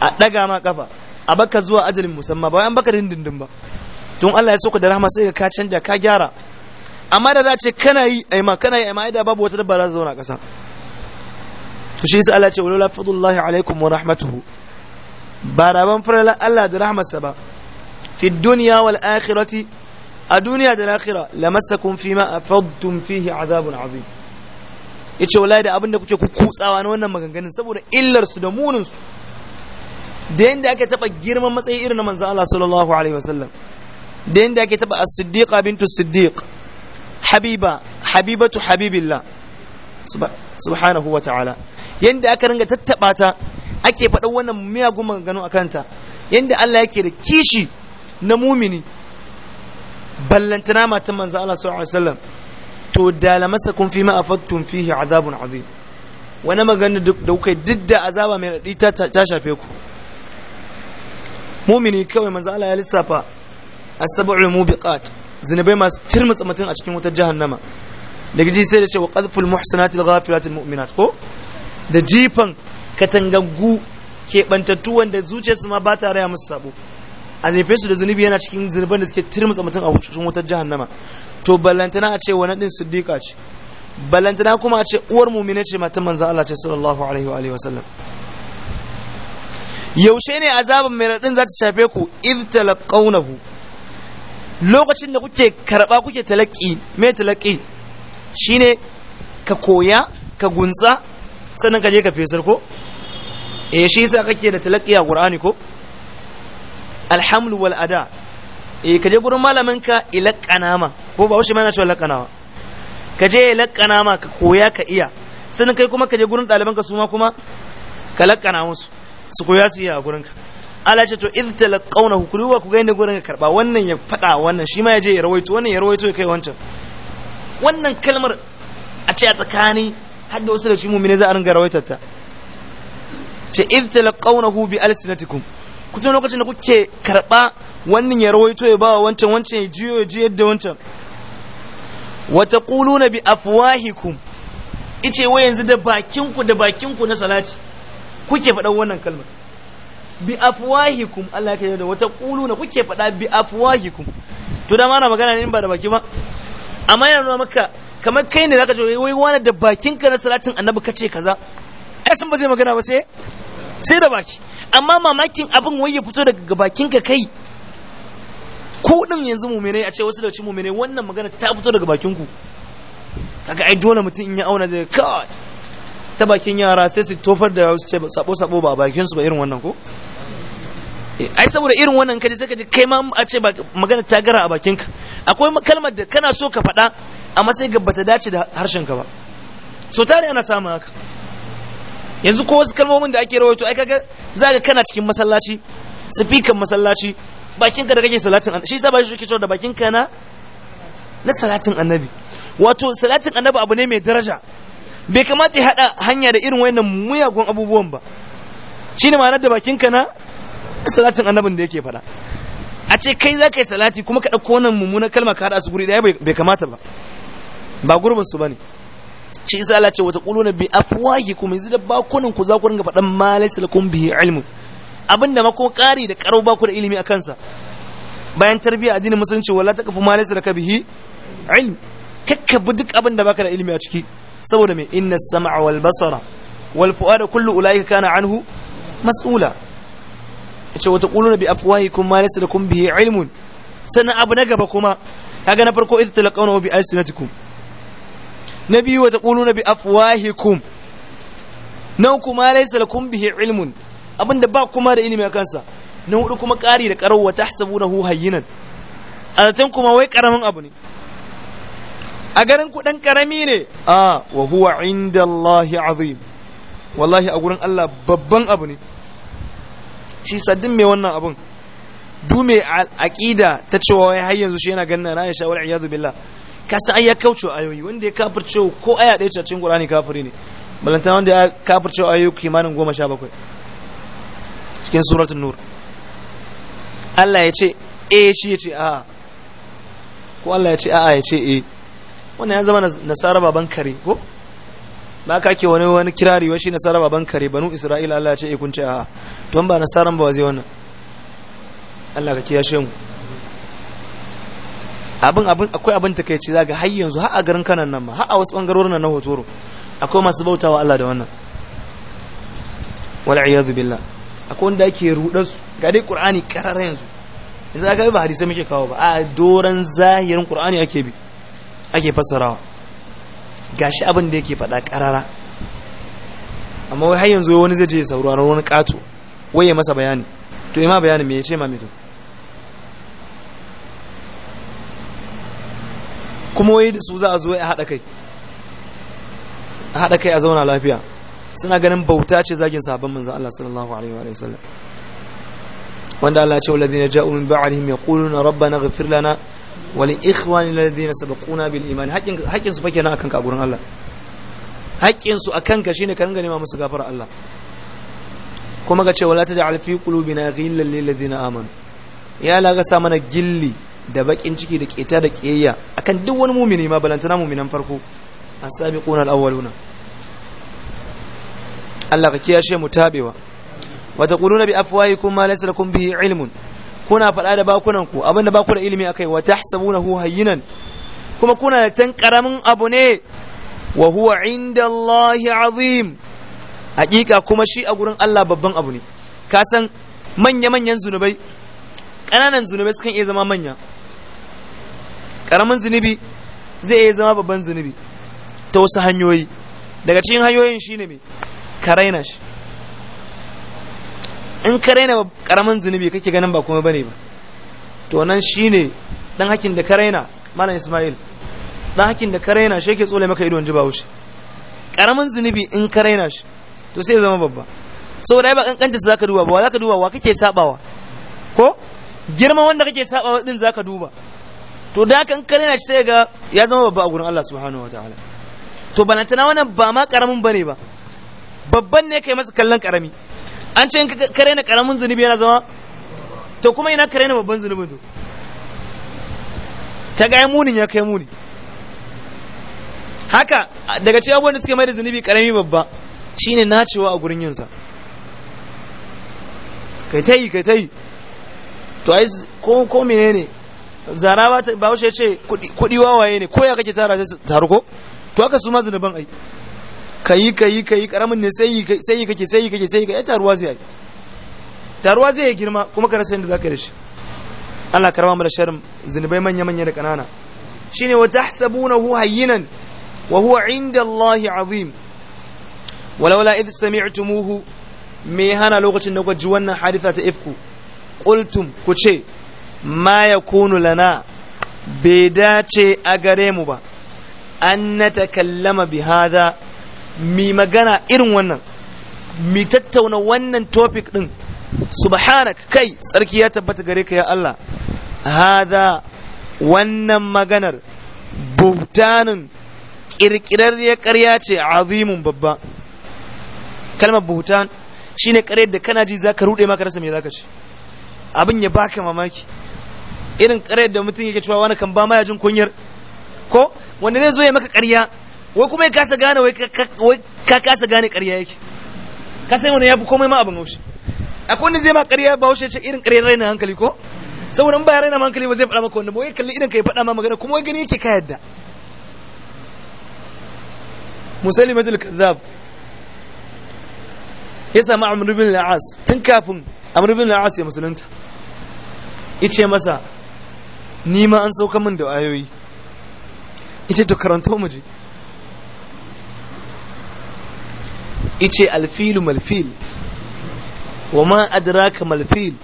a daga ma kafa a baka zuwa ajalin musamman ba wai an baka dindindin ba tun Allah ya soka da rahama sai ka canja ka gyara amma da za ce kana yi aima kana yi aima ai babu wata dabba za ta zauna ƙasa to shi yasa Allah ce wala fadlullahi alaikum wa rahmatuhu ba raban farala Allah da rahmarsa ba fi duniya wal akhirati a duniya da lakhira lamassakum fima afadtum fihi azabun azim yace wallahi da abinda kuke ku kutsawa na wannan maganganun saboda illar su da munin su da yanda ake taba girman matsayi irin na manzo Allah sallallahu alaihi wasallam da yanda ake taba as-siddiqa bintu siddiq habiba habibatu habibillah subhanahu wa ta'ala yanda aka ringa tattaba ta ake faɗa wannan miyagun maganganu a kanta yanda Allah yake da kishi na mumini ballantana matan manzo Allah sallallahu alaihi wasallam to da lamasakum fi ma afattum fihi azabun azim wani magana da kuka didda da azaba mai raɗi ta shafe ku mumini kawai manzo Allah ya lissafa as-sab'u mubiqat zinabai masu turmutsa mutum a cikin wutar jahannama da gaji sai da ce wa qadful muhsanatil ghafilatil mu'minat ko da jifan katangaggu bantattu wanda zuciyarsu ma ba ta raya musu sabo a jefe su da zunubi yana cikin zunuban da suke turmutsa mutum a cikin wutar jahannama to ballantana a ce wa naɗin siddiƙa ce ballantana kuma a ce uwar mumina ce matan manzan Allah ce sallallahu alaihi wa alihi wa sallam yaushe ne azabin mai radin za ta shafe ku iz talaqawnahu lokacin da kuke karba kuke talaki me talaki shine ka koya ka gunsa sannan ka je ka fesar ko e shi yasa kake da talaki a qur'ani ko alhamdu wal ada e ka je gurin malamin ka ilaqana ma ko ba wuce mana na cewa ilaqana ka je ilaqana ma ka koya ka iya sannan kai kuma ka je gurin ɗalibanka su ma kuma ka laƙana musu su koya su yi a gurinka Allah ce to idh talaqawnahu ku duba ku ga inda gurin karba wannan ya fada wannan shi ma ya je ya rawaito wannan ya rawaito ya kai wancan wannan kalmar a ce a tsakani da wasu da shi mu'mini za a ringa rawaitar ta ce idh talaqawnahu bi alsinatikum ku tuna lokacin da kuke karba wannan ya rawaito ya ba wancan wancan ya jiyo ya jiyar da wancan wa taquluna bi afwahikum ice wai yanzu da bakinku da bakinku na salati kuke fada wannan kalmar bi afwahikum Allah ya da wata kuluna kuke faɗa bi afwahikum to da mana magana ne in ba da baki ba amma yana nuna maka kamar kai ne zaka ce wai wani da bakin ka na salatin annabi kace kaza ai san ba zai magana ba sai sai da baki amma mamakin abin wai ya fito daga bakinka ka kai ku din yanzu mu'minai a ce wasu da cikin mu'minai wannan magana ta fito daga bakin ku kaga ai dole mutum in ya auna zai kai ta bakin yara sai su tofar da su ce sabo-sabo ba bakin su ba irin wannan ko eh, ai saboda irin wannan kaji sai kaji kai ma a ce magana ta gara a bakin ka akwai kalmar da kana so ka faɗa amma sai ga bata dace da harshen ka ba so tare ana samun haka yanzu ko wasu kalmomin da ake rawaito ai kaga zaka kana cikin masallaci sifikan masallaci bakin ka da kake salatin annabi shi yasa ba shi kike cewa da bakin ka na na salatin annabi wato salatin annabi abu ne mai daraja bai kamata ya haɗa hanya da irin wayannan muyagun abubuwan ba ne ma'anar da bakinka na salatin annabin da yake faɗa a ce kai za ka yi salati kuma ka ɗauko wannan mummunan kalma ka haɗa su guri ɗaya bai kamata ba ba gurbin su bane shi isa ala ce wata na bi kuma yanzu da bakunan ku za ku ringa faɗan ma laysa lakum bihi ilmu da ma ko ƙari da karo ba ku da ilimi a kansa bayan tarbiyya addinin musulunci wala taqfu ma laysa ka bihi ilmu kakka bi duk da baka da ilimi a ciki saboda mai inna sam'a wal basara wal fu'ada kullu ulaika kana anhu mas'ula yace wata quluna bi kun ma laysa kun bihi ilmun sannan abu na gaba kuma kaga na farko ita idh talaqawna bi alsinatikum na biyu wata quluna bi kun. nan kuma laysa kun bihi ilmun abinda ba kuma da ilimi kansa na hudu kuma kari da karau wa tahsabunahu hayyinan a zaton kuma wai ƙaramin abu ne a garin ku dan karami ne a wa huwa inda Allahi azim wallahi a gurin Allah babban abu ne shi saddin mai wannan abun dume aqida ta cewa wai har yanzu shi yana ganin na Aisha wal iyadu billah ka sai ya kauce ayoyi wanda ya kafirce ko aya ɗaya cikin Qur'ani kafiri ne balanta wanda ya kafirce ayoyi kimanin 17 cikin suratul nur Allah ya ce eh shi ya ce a ko Allah ya ce a'a ya ce eh wannan ya zama nasara baban kare ko ba ka ke wani wani kirari wa shi nasara baban kare banu isra'ila Allah ya ce eh, kun ce a to ba nasaran ba zai wannan Allah ka kiyashe mu abin abin akwai abin ce zaga har yanzu har a garin kanan nan ma har a wasu bangarorin nan na hotoro akwai masu bautawa Allah da wannan wal iyad billah akwai wanda yake rudar su ga dai qur'ani karara yanzu yanzu ka bi ba hadisi muke kawo ba a doran zahirin qur'ani ake bi ake fassarawa gashi abin da yake fada ƙarara amma wai har yanzu wani zai je sauraron wani kato wai ya masa bayani to ima bayani me yace ma mito kuma wai su za a zo a haɗa kai a haɗa kai a zauna lafiya suna ganin bauta ce zagin sabon manzo Allah sallallahu alaihi wa sallam wanda Allah ce wallazi na ja'u min ba'alihim yaquluna rabbana ighfir lana wali ikhwani alladhina sabaquna bil iman haƙin haƙin su fa kenan akan ka gurin Allah haƙin su akan ka shine ka ringa nema musu gafara Allah kuma ga cewa la taj'al fi qulubina ghillan lil ladina amanu ya la sa mana gilli da bakin ciki da keta da kiyayya akan duk wani mumini ma balantana muminan farko as-sabiquna al-awwaluna Allah ka kiyashe mu tabewa wa taquluna bi afwahikum ma laysa lakum bihi ilmun kuna faɗa da bakunan ku abinda ba ku da ilimi akai wa tahsabunahu hayyinan kuma kuna da tan karamin abu ne wa huwa inda azim hakika kuma shi a gurin Allah babban abu ne ka san manya manyan zunubai ƙananan zunubai sukan iya zama manya ƙaramin zunubi zai iya zama babban zunubi ta wasu hanyoyi daga cikin hanyoyin shine me ka raina shi in ka raina karamin zunubi kake ganin ba kuma bane ba to nan shine dan hakin da ka raina malam Ismail dan hakin da ka raina shi yake tsole maka ido in ji ba wuce karamin zunubi in ka raina shi to sai zama babba saboda ai ba kankanta su zaka duba ba zaka duba wa kake sabawa ko girma wanda kake sabawa din zaka duba to da kan ka raina shi sai ga ya zama babba a gurin Allah subhanahu wataala to balantana wannan ba ma karamin bane ba babban ne kai masa kallon karami an ce ka raina karamin zunubi yana zama to kuma ina ka raina babban zunubin to ta ga munin ya kai muni haka daga cikin abubuwan da suke mai da zunubi karami babba shine nacewa a gurin yinsa kai ta yi kai ta yi to ai ko ko menene zara ba ba ce kudi wawaye ne ko ya kake tara sai taru ko to haka su ma zunuban ai Ka ka yi yi ka yi karamin ne sai sai kake sai kake sai yi taruwa zai yi taruwa zai yi girma kuma ka rasa yadda zaka da shi Allah karama mu da sharrin zinubai manya manya da kanana shine wa tahsabunahu hayyinan wa huwa inda Allah azim walaula idh sami'tumuhu me hana lokacin da kuka ji wannan haditha ta ifku qultum ku ce ma yakunu lana bai dace a gare mu ba an na takallama bi hada mi magana irin wannan mi tattauna wannan topic din subhanak kai Sarki ya tabbata gare ka ya Allah hada wannan maganar buhtanin ya ƙarya ce azimun babba kalmar buhtan shine ƙaryar da kana ji zaka rude maka rasa me zaka ci abin ya baka mamaki irin ƙaryar da mutum yake cewa wani kan ba ma ya jin kunyar ko wanda zai zo ya maka ƙarya wai kuma ya kasa gane wai ka kasa gane ƙarya yake ka san wani ya fi komai ma abin haushi akwai wani zai ma ƙarya ba haushe ce irin ƙarya raina hankali ko saboda ba raina hankali ba zai faɗa maka wanda ba wai kalli irin ka ya faɗa ma magana kuma wai gani yake ka yadda musalli majal kazzab ya sami amr bin la'as tun kafin amr bin la'as as ya musulunta yace masa ni ma an sauka min da ayoyi yace to karanto mu je ice alfilu malfil wa ma adraka malfil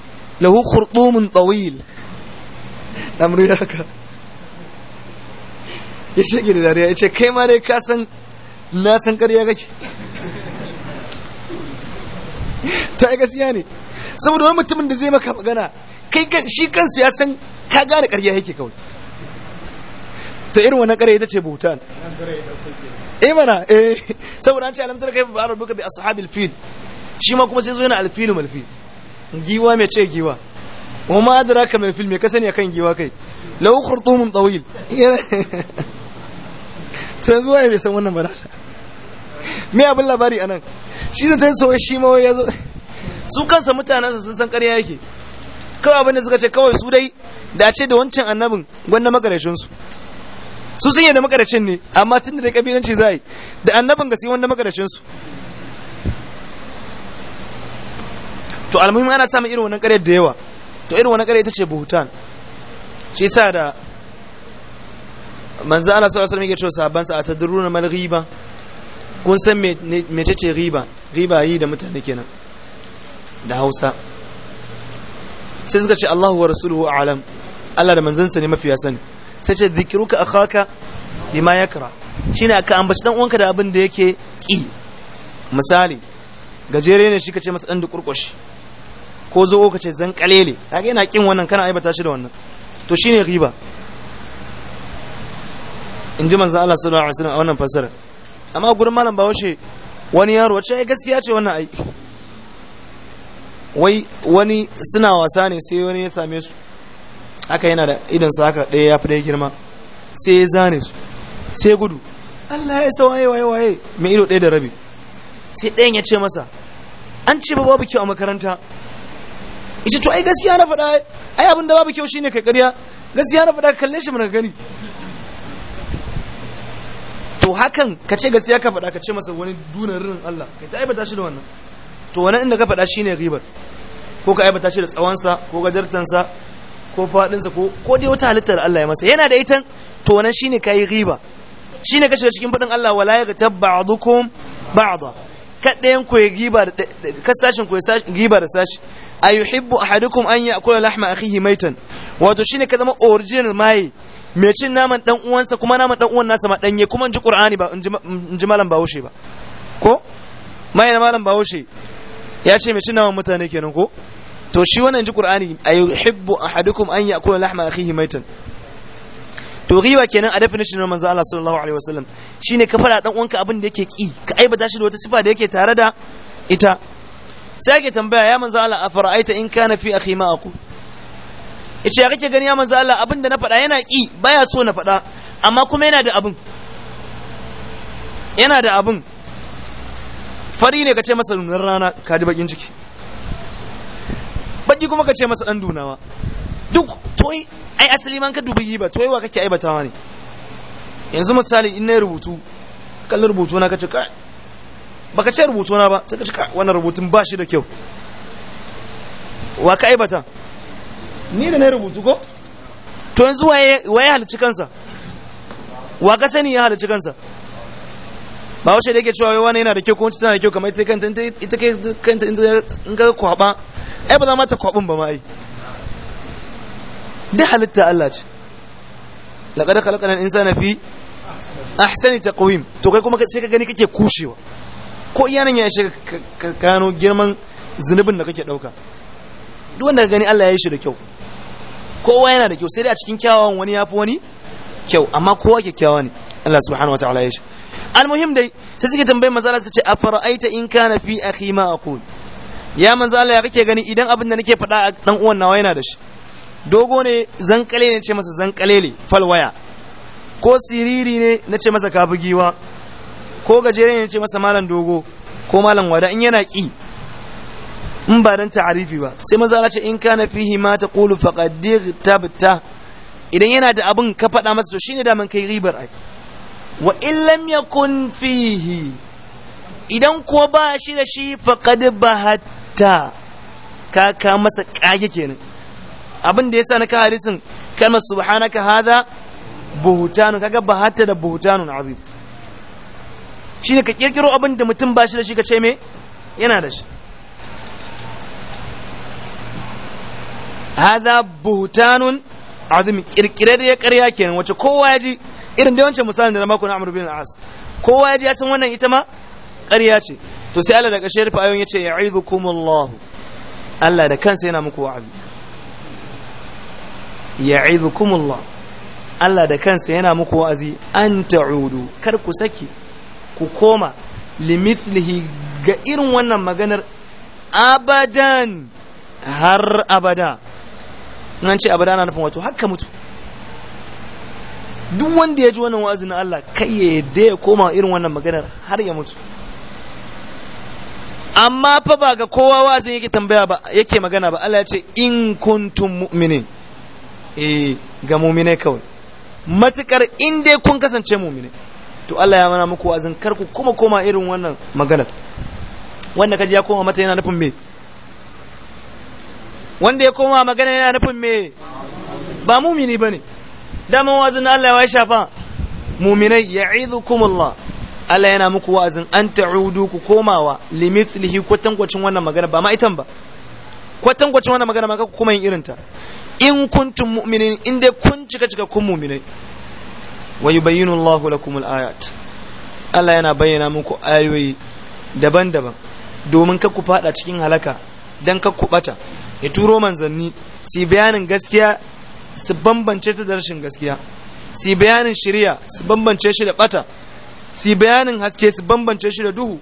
lahu khurdumun tawil amru yaka. yace ya dariya ya ce kai ma ne ka san na san ƙarya kake ta yi gaskiya ne saboda wani mutumin da zai maka magana kai shi kansa ya san ka gane ƙarya yake kawai ta irin wani ƙarya ita ce bhutan imana eh, mana eh saboda an ce alamtar kai ba fa'ala rabbuka bi ashabil fil shi ma kuma sai zo yana alfilu malfil giwa mai ce giwa wa ma adraka mai fil me ka sani akan giwa kai law khurtumun tawil to yanzu waye bai san wannan ba me abin labari anan shi da tan sauye shi ma ya zo su kansa mutanensa sun san ƙarya yake kawai abin da suka ce kawai su dai da ce da wancan annabin gwanda magarashin su su sun da makarashin ne amma tun da kabilanci za yi da annabin ga sai wanda makarashin su to almuhim ana samun irin wannan ƙarya da yawa to irin wannan ƙarya ita ce buhutan shi sa da manzo Allah sallallahu alaihi wasallam yake cewa sahabban sa atadruna mal ghiba kun san me ce ghiba ghiba yi da mutane kenan da Hausa sai suka ce Allahu wa rasuluhu a'lam Allah da manzansa ne mafiya sani sai ce zikiruka akhaka bima yakra shine ka ambaci dan uwanka da abin da yake ki misali gajere ne shi kace masa dan da kurkushi ko zo kace zan kalele kaga yana kin wannan kana aibata shi da wannan to shine riba in ji manzo Allah sallallahu alaihi wasallam a wannan fasara amma gurin malam washe wani yaro wace ai gaskiya ce wannan ai wai wani suna wasa ne sai wani ya same su haka yana da idan sa haka ɗaya ya fi ɗaya girma sai ya zane su sai gudu Allah ya sa waye waye waye mai ido ɗaya da rabi sai ɗayan ya ce masa an ce ba babu kyau a makaranta ita to ai gaskiya na faɗa ai abin da babu kyau shine kai ƙarya gaskiya na faɗa kalle shi mun gani to hakan ka ce gaskiya ka faɗa ka ce masa wani rin Allah kai ta aibata shi da wannan to wannan inda ka faɗa shine ribar ko ka aibata shi da tsawansa ko gajartansa ko faɗinsa ko ko dai wata halittar Allah ya masa yana da ita to wannan shine kai riba shine ka shiga cikin fadin Allah wala yaghtab ba'dukum ba'da kaɗayan ku riba ka sashin ku riba da sashi ayuhibbu ahadukum an ya'kula lahma akhihi maitan wato shine ka zama original mai mai cin naman dan uwansa kuma naman dan uwan nasa ma danye kuma in ji qur'ani ba in ji malam bahaushe ba ko mai malam bahaushe ya ce mai cin naman mutane kenan ko to shi wannan ji qur'ani ayuhibbu ahadukum an ya'kula lahma akhihi maitan to riwa kenan a definition na manzo Allah sallallahu alaihi wasallam shine ka fara dan uwanka abin da yake ki ka aibata shi da wata sifa da yake tare da ita sai ake tambaya ya manzo Allah afara'aita in kana fi akhi ma aku. ita ya kake gani ya manzo Allah abin da na faɗa yana ki baya so na faɗa amma kuma yana da abin yana da abin fari ne ka ce masa nunar rana ka ji bakin ciki baki kuma ka ce masa dan dunawa duk toyi ai asali man ka dubi ba toyi wa kake aibatawa ne yanzu misali in na rubutu kallon rubutu na kace ka baka ce rubutu na ba sai ka ka wannan rubutun ba shi da kyau wa ka aibata ni da na rubutu ko to yanzu waye waye halicci kansa wa ka sani ya halicci kansa ba wasu da yake cewa wai wani yana da kyau ko wancan tana da kyau kamar ita kanta ita kanta in ga kwaba ai ba za ma ta kwabin ba ma ai duk halitta Allah ce laqad khalaqna al-insana fi ahsani taqwim to kai kuma sai ka gani kake kushewa ko iyanan ya shi ka gano girman zunubin da kake dauka duk wanda ka gani Allah ya yi shi da kyau kowa yana da kyau sai dai a cikin kyawawan wani yafi wani kyau amma kowa kyakkyawa ne Allah subhanahu wataala ya shi almuhim dai sai suke tambayar manzo Allah su ce afara'aita in kana fi akhi ma aqul ya manzo Allah ya kake gani idan abin da nake faɗa a dan uwan nawa yana da shi dogo ne zankale ne ce masa zankale ne falwaya ko siriri ne na ce masa kabugiwa ko gajere ne ce masa malam dogo ko malam wada in yana ki in ba dan ta'arifi ba sai manzo Allah ce in kana fihi ma taqulu faqad tabta idan yana da abin ka faɗa masa to shine daman kai ribar ai wa illam yakun fihi idan ko ba shi da shi faqad bahatta ka ka masa kage kenan abin da yasa na ka hadisin kalmar subhanaka hada buhutanu kaga bahatta da buhutanun azim shine ka kirkiro abin da mutum ba shi da shi ka ce me yana da shi Hada buhutanun azim kirkire da ya karya kenan wace kowa ya ji irin da wancan misalin da na makon amur bin al'as as kowa ya ji ya san wannan ita ma ƙarya ce to sai Allah da ƙashe rufe ayon aizu ya'idukumullahu Allah da kansa yana muku wa'azi ya'idukumullahu Allah da kansa yana muku wa'azi an ta'udu kar ku saki ku koma limithlihi ga irin wannan maganar abadan har abada nan ce abada na nufin wato haka mutu duk wanda ya ji wannan wa'azi na Allah kai ya yadda ya koma irin wannan maganar har ya mutu amma fa ba ga kowa wa'azin yake tambaya ba yake magana ba Allah ya ce in kuntum mu'minin eh ga mu'mine kawai matukar in dai kun kasance mu'mine to Allah ya mana muku wa'azin kar ku kuma koma irin wannan maganar wanda kaji ya koma mata yana nufin me wanda ya koma magana yana nufin me ba mumini bane daman wazin Allah ya shafa muminai ya'idhukumullah Allah yana muku wa'azin an ta'udu ku komawa limithlihi kwatankwacin wannan magana ba ma itan ba kwatankwacin wannan magana maka kuma yin irinta in kuntum mu'minin in dai kun cika cika kun mu'minai wa yubayyinu Allahu lakum al-ayat Allah yana bayyana muku ayoyi daban-daban domin ka ku fada cikin halaka dan ka ku bata ya turo manzanni Si bayanin gaskiya su bambance ta da rashin gaskiya Si bayanin shirya su bambance shi da bata Si bayanin haske su bambance shi da duhu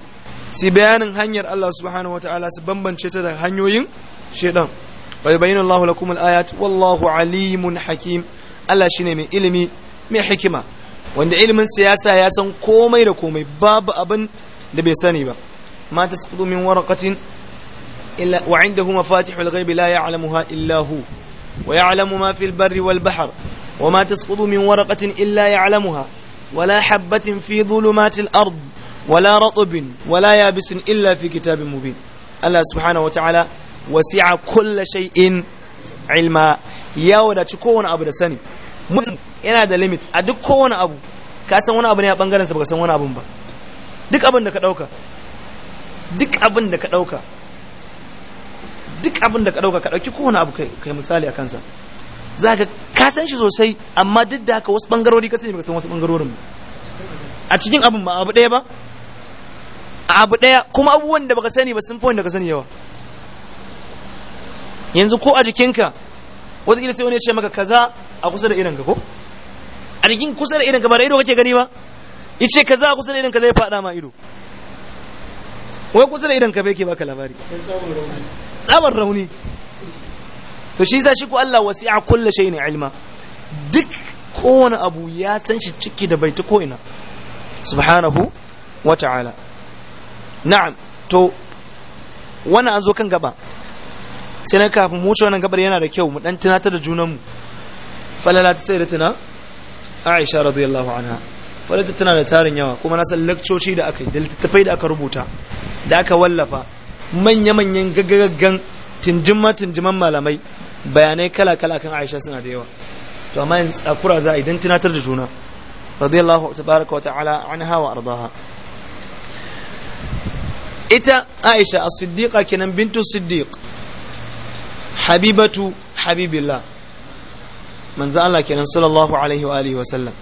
Si bayanin hanyar Allah subhanahu wataala su bambance ta da hanyoyin shedan wa yubayyinu Allahu lakum al-ayat wallahu alimun hakim Allah shine mai ilimi mai hikima wanda ilimin siyasa ya san komai da komai babu abin da bai sani ba ma tasqutu min waraqatin illa wa indahu mafatihul ghaibi la ya'lamuha illa hu ويعلم ما في البر والبحر وما تسقط من ورقة إلا يعلمها ولا حبة في ظلمات الأرض ولا رطب ولا يابس إلا في كتاب مبين الله wa وتعالى wasi'a kulla shay'in علما ya wadaci kowane abu da sani mutum yana da limit a duk kowane abu ka san wani abu ne a bangaren baka san wani abun ba duk abin da ka ɗauka. duk abin da ka duk abin da ka dauka ka dauki kowane abu kai misali a kansa za ka ka san shi sosai amma duk da haka wasu bangarori ka sani ba san wasu bangarorin a cikin abin ba abu ɗaya ba abu ɗaya kuma abubuwan da baka sani ba sun fi ka sani yawa yanzu ko a jikinka wataƙila sai wani ya ce maka kaza a kusa da ka ko a jikin kusa da ka ba da ido kake gani ba ya ce kaza a kusa da ka zai faɗa ma ido wai kusa da ka bai ke baka labari tsabar rauni to shi sa shi ku Allah wasi'a kullu shay'in ilma duk kowane abu ya san shi ciki da bai ta ina subhanahu wa ta'ala na'am to wannan an zo kan gaba sai na mu wuce wannan gabar yana da kyau mu dan tunatar da junanmu falala ta sai da tuna Aisha radiyallahu anha falala tana da tarin yawa kuma na san lakcoci da aka yi da littattafai da aka rubuta da aka wallafa manya-manyan gagagaggan tindima-tindiman malamai bayanai kala-kala kan aisha suna da yawa to amma yanzu tsakura za a idan tunatar da juna radiyallahu baraka wa ta'ala anha wa ardaha ita aisha a siddiƙa kenan bintu siddiq habibatu habibillah manzo Allah kenan sallallahu alaihi wa alihi wa sallam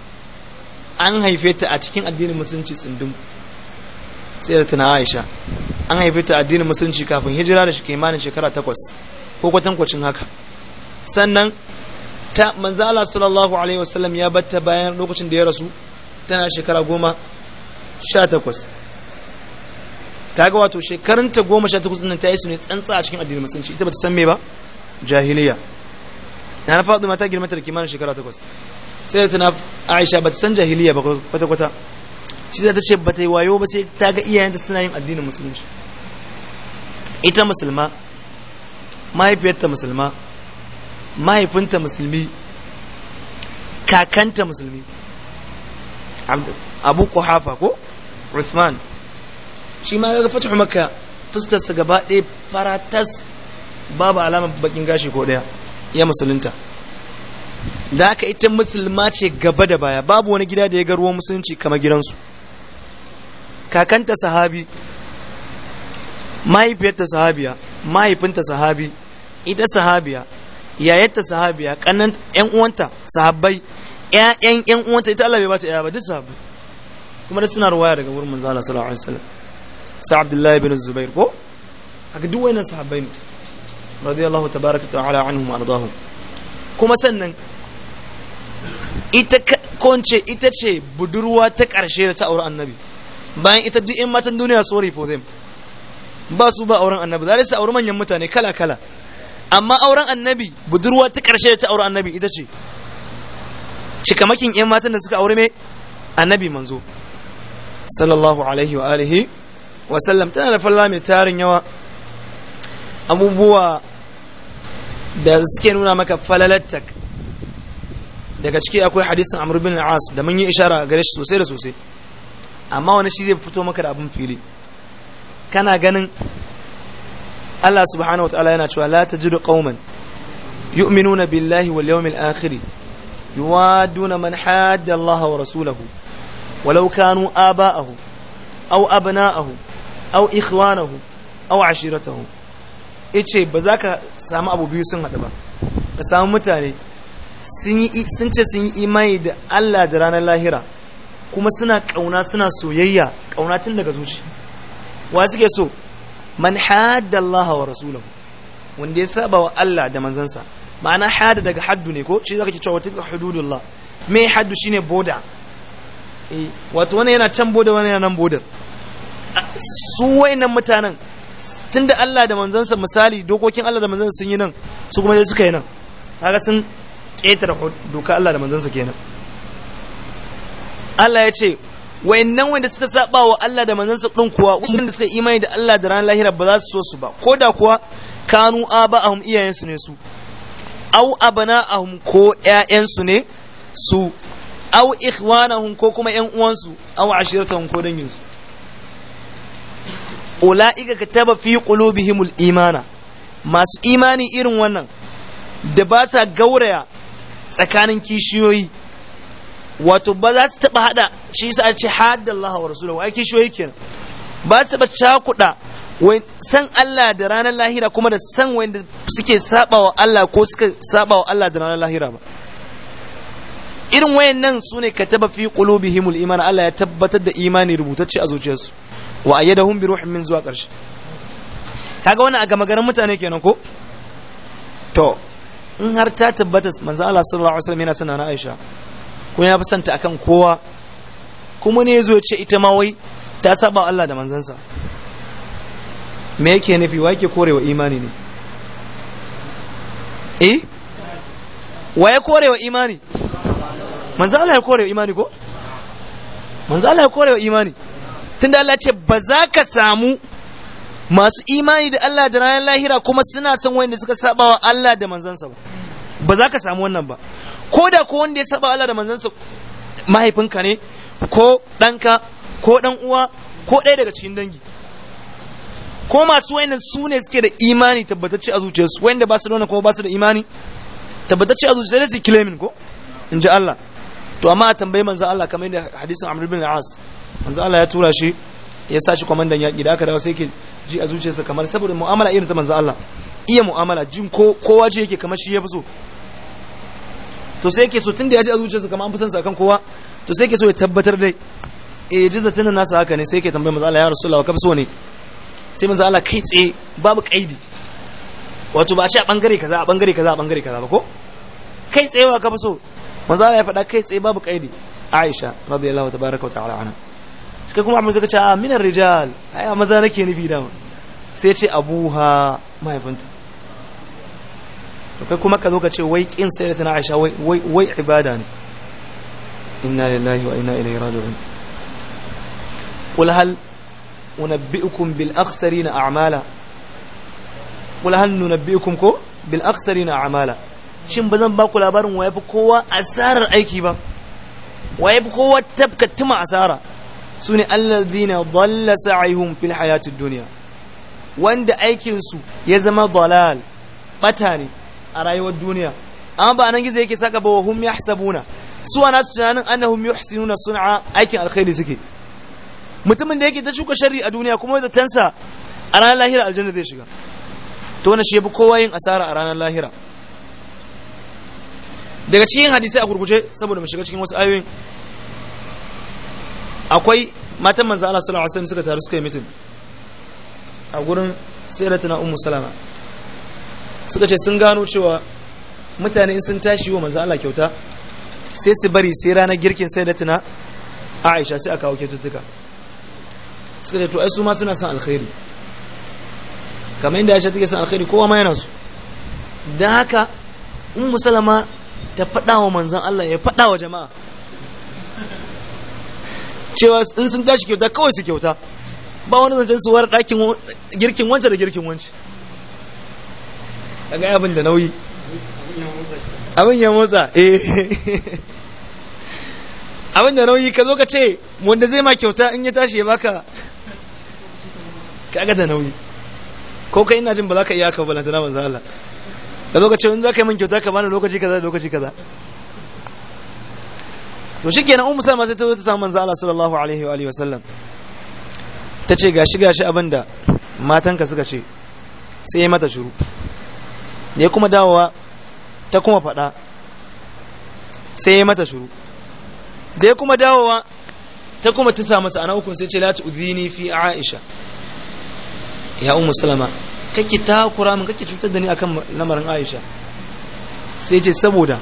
an haife ta a cikin addinin musulunci tsindin sai da tana aisha an haifi ta addinin musulunci kafin hijira da kimanin shekara takwas ko kwatankwacin haka sannan ta manzo Allah sallallahu alaihi wasallam ya batta bayan lokacin da ya rasu tana shekara goma sha takwas kaga wato shekarunta goma sha takwas ta yi su ne tsantsa a cikin addinin musulunci ita ba ta san me ba jahiliya na na faɗi mata girmata da kimanin shekara takwas sai ta tana aisha ba ta san jahiliya ba kwata-kwata shi za ta ce ba ta yi wayo ba sai ta ga iyayenta suna yin addinin musulunci ita musulma mahaifiyarta musulma mahaifinta musulmi kakanta musulmi abu kuhafa ko usman shi ma ga fata maka fuskarsa gaba ɗaya faratas babu alamar bakin gashi ko ɗaya ya musulunta da haka ita musulma ce gaba da baya babu wani gida da ya ga ruwan musulunci kama gidansu kakanta sahabi mahaifiyarta sahabiya mahaifinta sahabi ita sahabiya yayarta sahabiya kannan yan uwanta sahabbai ƴaƴan yan uwanta ita Allah bai bata yaba ba duk sahabbai kuma da suna ruwaya daga wurin manzo Allah sallallahu alaihi wasallam sa Abdullahi bin Zubair ko haka duk wayannan sahabbai ne radiyallahu tabaraka ta'ala anhum wa ardahum kuma sannan ita konce ita ce budurwa ta ƙarshe da ta auri annabi bayan ita duk in matan duniya sorry for them ba su ba auren annabi za su auri manyan mutane kala kala amma auren annabi budurwa ta ƙarshe da ta auri annabi ita ce cikamakin in matan da suka aure mai annabi manzo sallallahu alaihi wa alihi wa sallam tana da falla mai tarin yawa abubuwa da suke nuna maka falalattak daga ciki akwai hadisin amr bin al-as da mun yi ishara gare shi sosai da sosai amma wani shi zai fito maka da abin fili kana ganin Allah subhanahu wa ta'ala yana cewa la tajidu qauman yu'minuna billahi wal yawmil akhir yuwaduna man hadda Allah wa rasulahu walau kanu aba'ahu aw abna'ahu aw ikhwanahu aw ashiratahu ice ba za ka samu abu biyu sun hadu ba ka samu mutane sun ce sun yi imani da Allah da ranar lahira kuma suna kauna suna soyayya kauna tun daga zuci wa suke so man hada Allah wa rasulahu wanda ya saba wa Allah da manzansa ma'ana hada daga haddu ne ko shi zaka ce cewa tilka hududullah me haddu shine boda eh wato wannan yana can boda wannan yana nan boda su wayennan mutanen tunda Allah da manzansa misali dokokin Allah da manzansa sun yi nan su kuma sai suka yi nan kaga sun ƙetare doka Allah da manzansa kenan Allah ya ce wayannan wanda suka saba wa Allah da manzansa ɗin kuwa da suka imani da Allah da ranar lahira ba za su so su ba ko da kuwa kanu aba'ahum iyayensu ne su au abana'ahum ko ƴaƴansu ne su au ikhwanahum ko kuma ƴan uwansu au ashiratahum ko danginsu ula'ika kataba fi qulubihimul imana masu imani irin wannan da ba sa gauraya tsakanin kishiyoyi wato ba za su taba hada shi yasa a ce hadda Allah wa rasulahu ai kishiyoyi kenan ba su taba cakuda san Allah da ranar lahira kuma da san da suke saba wa Allah ko suka saba wa Allah da ranar lahira ba irin wayannan su ne kataba fi qulubihimul iman Allah ya tabbatar da imani rubutacce a zuciyarsu wa ayyadahum bi ruhin min zuwa karshe kaga wannan a ga garin mutane kenan ko to in har ta tabbata manzo Allah sallallahu alaihi wasallam yana sana na Aisha ko ya fi santa akan kowa kuma ne yazo ya ce ita ma wai ta saba Allah da manzansa me yake nufi wa yake korewa imani ne eh wa ya korewa imani manzo Allah ya korewa imani ko manzo Allah ya korewa imani tunda Allah ce ba za ka samu masu imani da Allah da ranar lahira kuma suna son wanda suka saba wa Allah da manzansa ba ba za ka samu wannan ba ko da ko wanda ya saba Allah da manzansa mahaifinka ne ko ɗanka ko ɗan uwa ko ɗaya daga cikin dangi ko masu wayannan su ne suke da imani tabbatacce a zuciyarsu wayanda ba su da wannan ba su da imani tabbatacce a zuciyarsu sai su claim ko in ji Allah to amma a tambayi manzo Allah kamar yadda hadisin Amr ibn al-As manzo Allah ya tura shi ya sa shi kwamandan yaƙi da aka dawo sai ke ji a zuciyarsa kamar saboda mu'amala irin ta manzo Allah iya mu'amala jin kowa ji yake kamar shi ya fi so to sai yake so tun da ya ji a zuciyarsa kamar an fi son kan kowa to sai yake so ya tabbatar dai E, ji zatin nasa haka ne sai yake tambayi, manzo Allah ya rasulullahi kafa so ne sai manzo Allah kai tsaye babu kaidi wato ba shi a bangare kaza a bangare kaza a bangare kaza ba ko kai tsaye wa fi so manzo Allah ya faɗa kai tsaye babu kaidi Aisha radiyallahu tabaraka wa ta'ala anha kai kuma amma suka ce a ah, minar rijal ai maza nake nufi dama sai ce abuha mahaifinta to kai kuma ka zo ka ce wai kin sai da tana aisha wai wai ibada ne inna lillahi wa inna ilaihi raji'un qul hal unabbi'ukum bil akhsarina a'mala qul hal ko bil akhsarina a'mala shin bazan ba ku labarin waye fi kowa asarar aiki ba waye fi kowa tabka tuma asara sune alladhina dhalla sa'ihum fil hayatid dunya wanda aikinsu ya zama dalal bata ne a rayuwar duniya amma ba nan gizo yake saka ba wa hum yahsabuna su ana su tunanin annahum yuhsinuna sun'a aikin alkhairi suke mutumin da yake ta shuka sharri a duniya kuma da tansa a ranar lahira aljanna zai shiga to wannan shi kowa yin asara a ranar lahira daga cikin hadisai a gurguje saboda mu shiga cikin wasu ayoyin akwai matan manzo Allah sallallahu alaihi wasallam suka taru suka yi mitin a gurin sayyidatuna ummu salama suka ce sun gano cewa mutane in sun tashi wa manzo Allah kyauta sai su bari sai ranar girkin sai da tuna Aisha sai a kawo tuttuka suka ce to ai su ma suna son alkhairi kamar inda Aisha take son alkhairi kowa ma yana so dan haka in musulma ta fada wa manzon Allah ya fada wa jama'a cewa in sun tashi kyauta kawai su kyauta ba wani zancen su war ɗakin girkin wancan da girkin wancan kaga abin da nauyi abin ya motsa eh abin da nauyi ka zo ka ce wanda zai ma kyauta in ya tashi ya baka kaga da nauyi ko kai ina jin ba za ka iya ka bala na manzo Allah ka zo ka ce in za ka yi min kyauta ka bani lokaci kaza lokaci kaza to shikenan ummu salma sai ta zo ta samu manzo Allah sallallahu alaihi wa alihi wasallam ta ce gashi gashi abinda matanka suka ce sai mata shuru da ya kuma dawowa ta kuma faɗa sai ya mata shuru da ya kuma dawowa ta kuma ta samu sa'ana ukun sai ce lati udini fi aisha ya umu salama kake takura min kake cutar da ni akan lamarin aisha sai ce saboda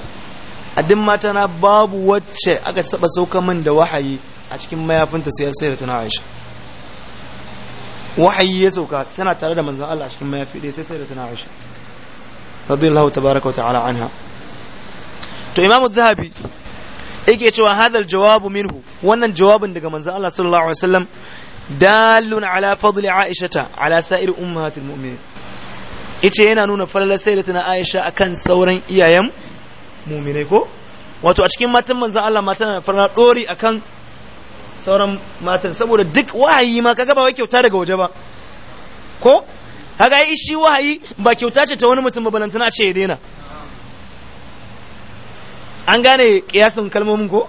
a din mata na babu wacce aka saba sauka min da wahayi a cikin mayafinta sai sai da tana aisha wahayi ya sauka tana tare da manzon Allah a cikin mayafi dai sai sai da tana aisha radiyallahu tabaraka wa ta'ala anha to imamu zahabi yake cewa hadal jawabu minhu wannan jawabin daga manzo Allah sallallahu alaihi wasallam dalun ala fadli aishata ala sa'ir ummahatil mu'minin yace yana nuna falalar sayyidatina aisha akan sauran iyayen mu'minai ko wato a cikin matan manzo Allah matan na fara dori akan sauran matan saboda duk wahayi ma kaga ba wai kyauta daga waje ba ko kaga ai shi wahayi ba kyauta ce ta wani mutum ba balantana ce ya daina an gane kiyasin kalmomin ko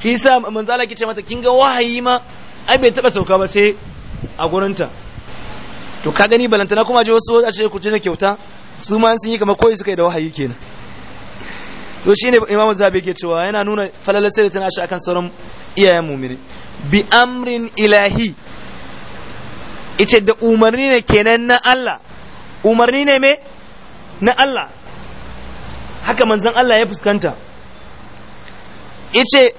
shi sa manzo Allah ke ce mata kin ga wahayi ma ai bai taba sauka ba sai a gurinta to ka gani balantana kuma je wasu a ce ku na kyauta su ma sun yi kamar koyi suka yi da wahayi kenan to shine imamu zabi ke cewa yana nuna falalar sai da tana shi akan sauran iyayen mu'mini bi amrin ilahi ita da umarni ne kenan na Allah umarni ne me na Allah haka manzon Allah ya fuskanta ice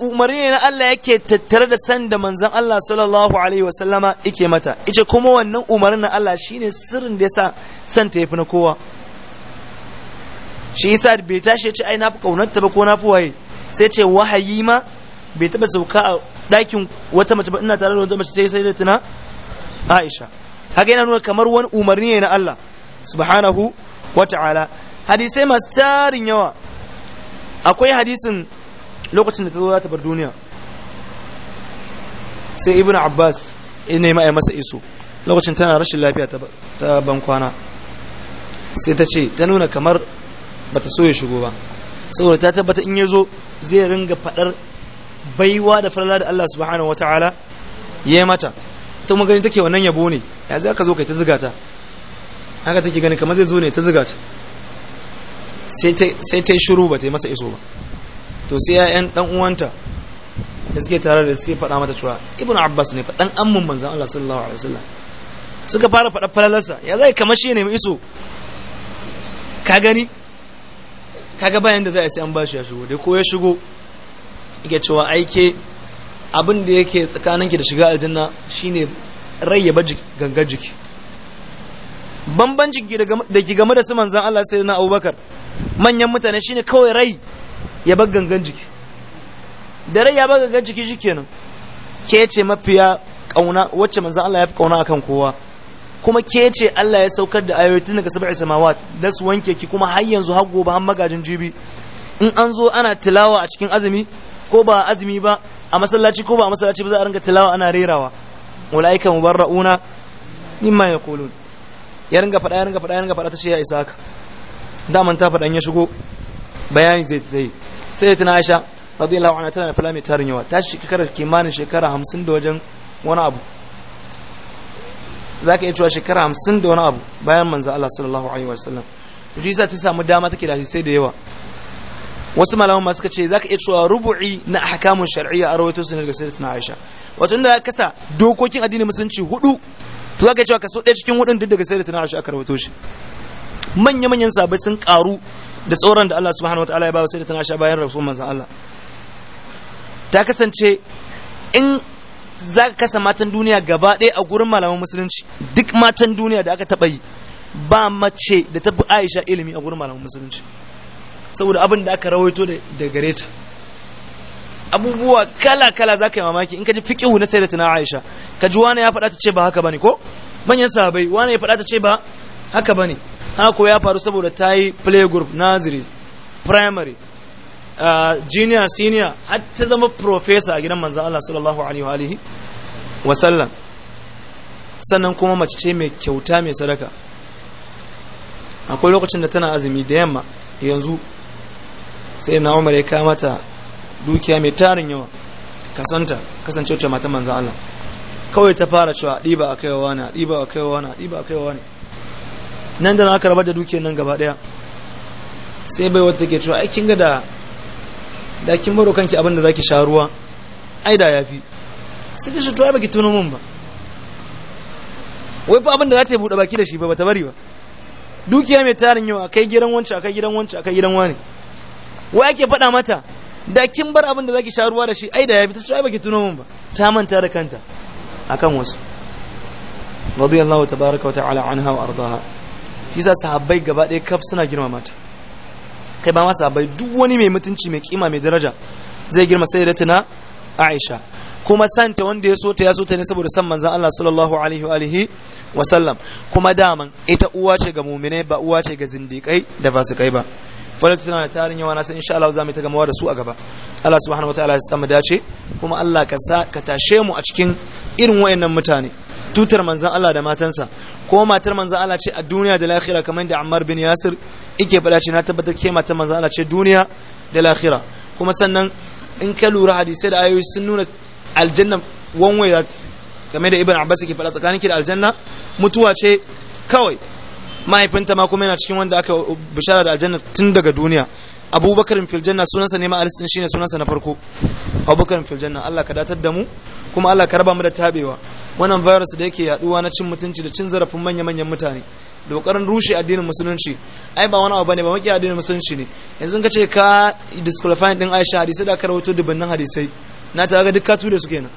umarni ne na Allah yake tattare da sanda manzon Allah sallallahu alaihi wasallama yake mata ita kuma wannan umarnin na Allah shine sirrin da yasa ta yafi na kowa shi yasa bai tashi ya ce ai na fi ta ba ko na fi waye sai ce wahayi ma bai taba sauka a ɗakin wata mace ba ina tare da wata mace sai sai da tuna aisha haka yana nuna kamar wani umarni ne na Allah subhanahu wa ta'ala hadisai masu tarin yawa akwai hadisin lokacin da ta zo za ta bar duniya sai ibn abbas ina yi ma'ai masa iso lokacin tana rashin lafiya ta bankwana sai ta ce ta nuna kamar bata so ya shigo ba saboda ta tabbata in ya zo zai ringa faɗar baiwa da farla da Allah subhanahu wa ta'ala mata ita kuma gani take wannan yabo ne ya za ka zo kai ta zuga ta haka take gani kamar zai zo ne ta zuga ta sai ta yi shiru ba ta yi masa iso ba to sai ya'yan dan uwanta ta suke tare da suke faɗa mata cewa ibn abbas ne fa dan ammun manzon Allah sallallahu alaihi wasallam suka fara faɗa falalarsa ya zai kamar shi ne mai iso ka gani kaga bayan da za a sai an bashi ya shigo dai ko ya shigo yake cewa aike abin da yake tsakaninki da shiga aljanna shine rai ya baji gangar jiki da ki game da su manzan Allah sai na abubakar manyan mutane shine kawai rai ya bar gangan jiki da rai ya bar gangan jiki kenan ke ce mafiya kauna wacce manzan Allah ya fi kauna akan kowa kuma ke ce Allah ya saukar da ayoyi daga sab'i samawat da su wanke ki kuma har yanzu har gobe har magajin jibi in an zo ana tilawa a cikin azumi ko ba azumi ba a masallaci ko ba a masallaci ba za a ringa tilawa ana rerawa ulaika mubarrauna mimma yaqulun ya ringa fada ya ringa fada ya ringa fada ta ce ya isa Da man ta faɗan ya shigo bayani zai zai sai tana Aisha radiyallahu anha tana fala mai tarin yawa ta shekara kimanin shekara 50 da wajen wani abu zaka iya cewa shekara 50 da wani abu bayan manzo Allah sallallahu alaihi wasallam to shi yasa ta samu dama take da sai da yawa wasu malaman masu kace zaka iya cewa rubu'i na ahkamun shar'iyya a rawaito sunan daga sayyidatuna Aisha wato inda ka kasa dokokin addinin musulunci hudu to zaka iya cewa kaso ɗaya cikin hudun duk daga sayyidatuna Aisha aka rawaito shi manya manyan sabai sun karu da tsoron da Allah subhanahu wataala ya ba wa sayyidatuna Aisha bayan rasul manzon Allah ta kasance in za ka kasa matan duniya gaba ɗaya a gurin malaman musulunci duk matan duniya da aka taɓa yi ba mace da ta Aisha ilimi a gurin malaman musulunci saboda abin da aka rawaito da gare ta abubuwa kala-kala za ka yi mamaki in ka ji fiƙihu na sai da tana aisha ka ji wani ya faɗa ta ce ba haka ba ne ko manyan sahabai wani ya faɗa ta ce ba haka ba ne haka ya faru saboda ta yi play group nazari primary uh, junior senior har ta zama professor a gidan manzan Allah sallallahu alaihi wa sallam sannan kuma mace ce mai kyauta mai sadaka akwai lokacin da tana azumi da yamma yanzu sai na umar ya kama ta dukiya mai tarin yawa kasanta kasance wacce matan manzan Allah kawai ta fara cewa ɗiba a kaiwa wani ɗiba a kaiwa wani ɗiba a kaiwa wani nan da na aka rabar da dukiyar nan gaba ɗaya sai bai wata ke cewa aikin ga da da kin baro kanki abin da zaki sha ruwa ai da yafi sai ta shito ai baki tuno mun ba wai fa abin da za ta buɗe baki da shi ba ta bari ba dukiya mai tarin yawa kai gidan wancan kai gidan wancan kai gidan wani wa ake faɗa mata da kin bar abin da zaki sha da shi ai da ya fita sai baki tuno mun ba ta manta da kanta akan wasu radiyallahu tabaaraka wa ta'ala anha wa ardaha shi sahabbai gaba ɗaya kaf suna girma mata kai ba ma sahabbai duk wani mai mutunci mai kima mai daraja zai girma sai da tuna Aisha kuma santa wanda ya so ta ya so ta ne saboda san manzon Allah sallallahu alaihi wa alihi wa sallam kuma daman ita uwa ce ga mu'mine ba uwa ce ga zindikai da fasikai ba falal tana tarin yawa na san insha Allah za mu ta gamawa da su a gaba Allah subhanahu wataala ya samu dace kuma Allah ka sa ka tashe mu a cikin irin wayannan mutane tutar manzan Allah da matansa ko matar manzan Allah ce a duniya da lahira kamar da Ammar bin Yasir yake faɗa ce na tabbatar ke matar manzan Allah ce duniya da lahira kuma sannan in ka lura hadisai da ayoyi sun nuna aljanna one way kamar da Ibn Abbas yake faɗa tsakanin ki da aljanna mutuwa ce kawai mahaifinta ma kuma yana cikin wanda aka bishara da aljanna tun daga duniya abubakar fil janna sunansa ne ma alisin shine sunansa na farko abubakar fil janna Allah ka datar da mu kuma Allah ka raba mu da tabewa wannan virus da yake yaduwa na cin mutunci da cin zarafin manya manyan mutane da kokarin rushe addinin musulunci ai ba wani abu bane ba maki addinin musulunci ne yanzu ka ce ka disqualify din Aisha hadisi da ka rawaito dubannin hadisai na ta ga duk ka ture su kenan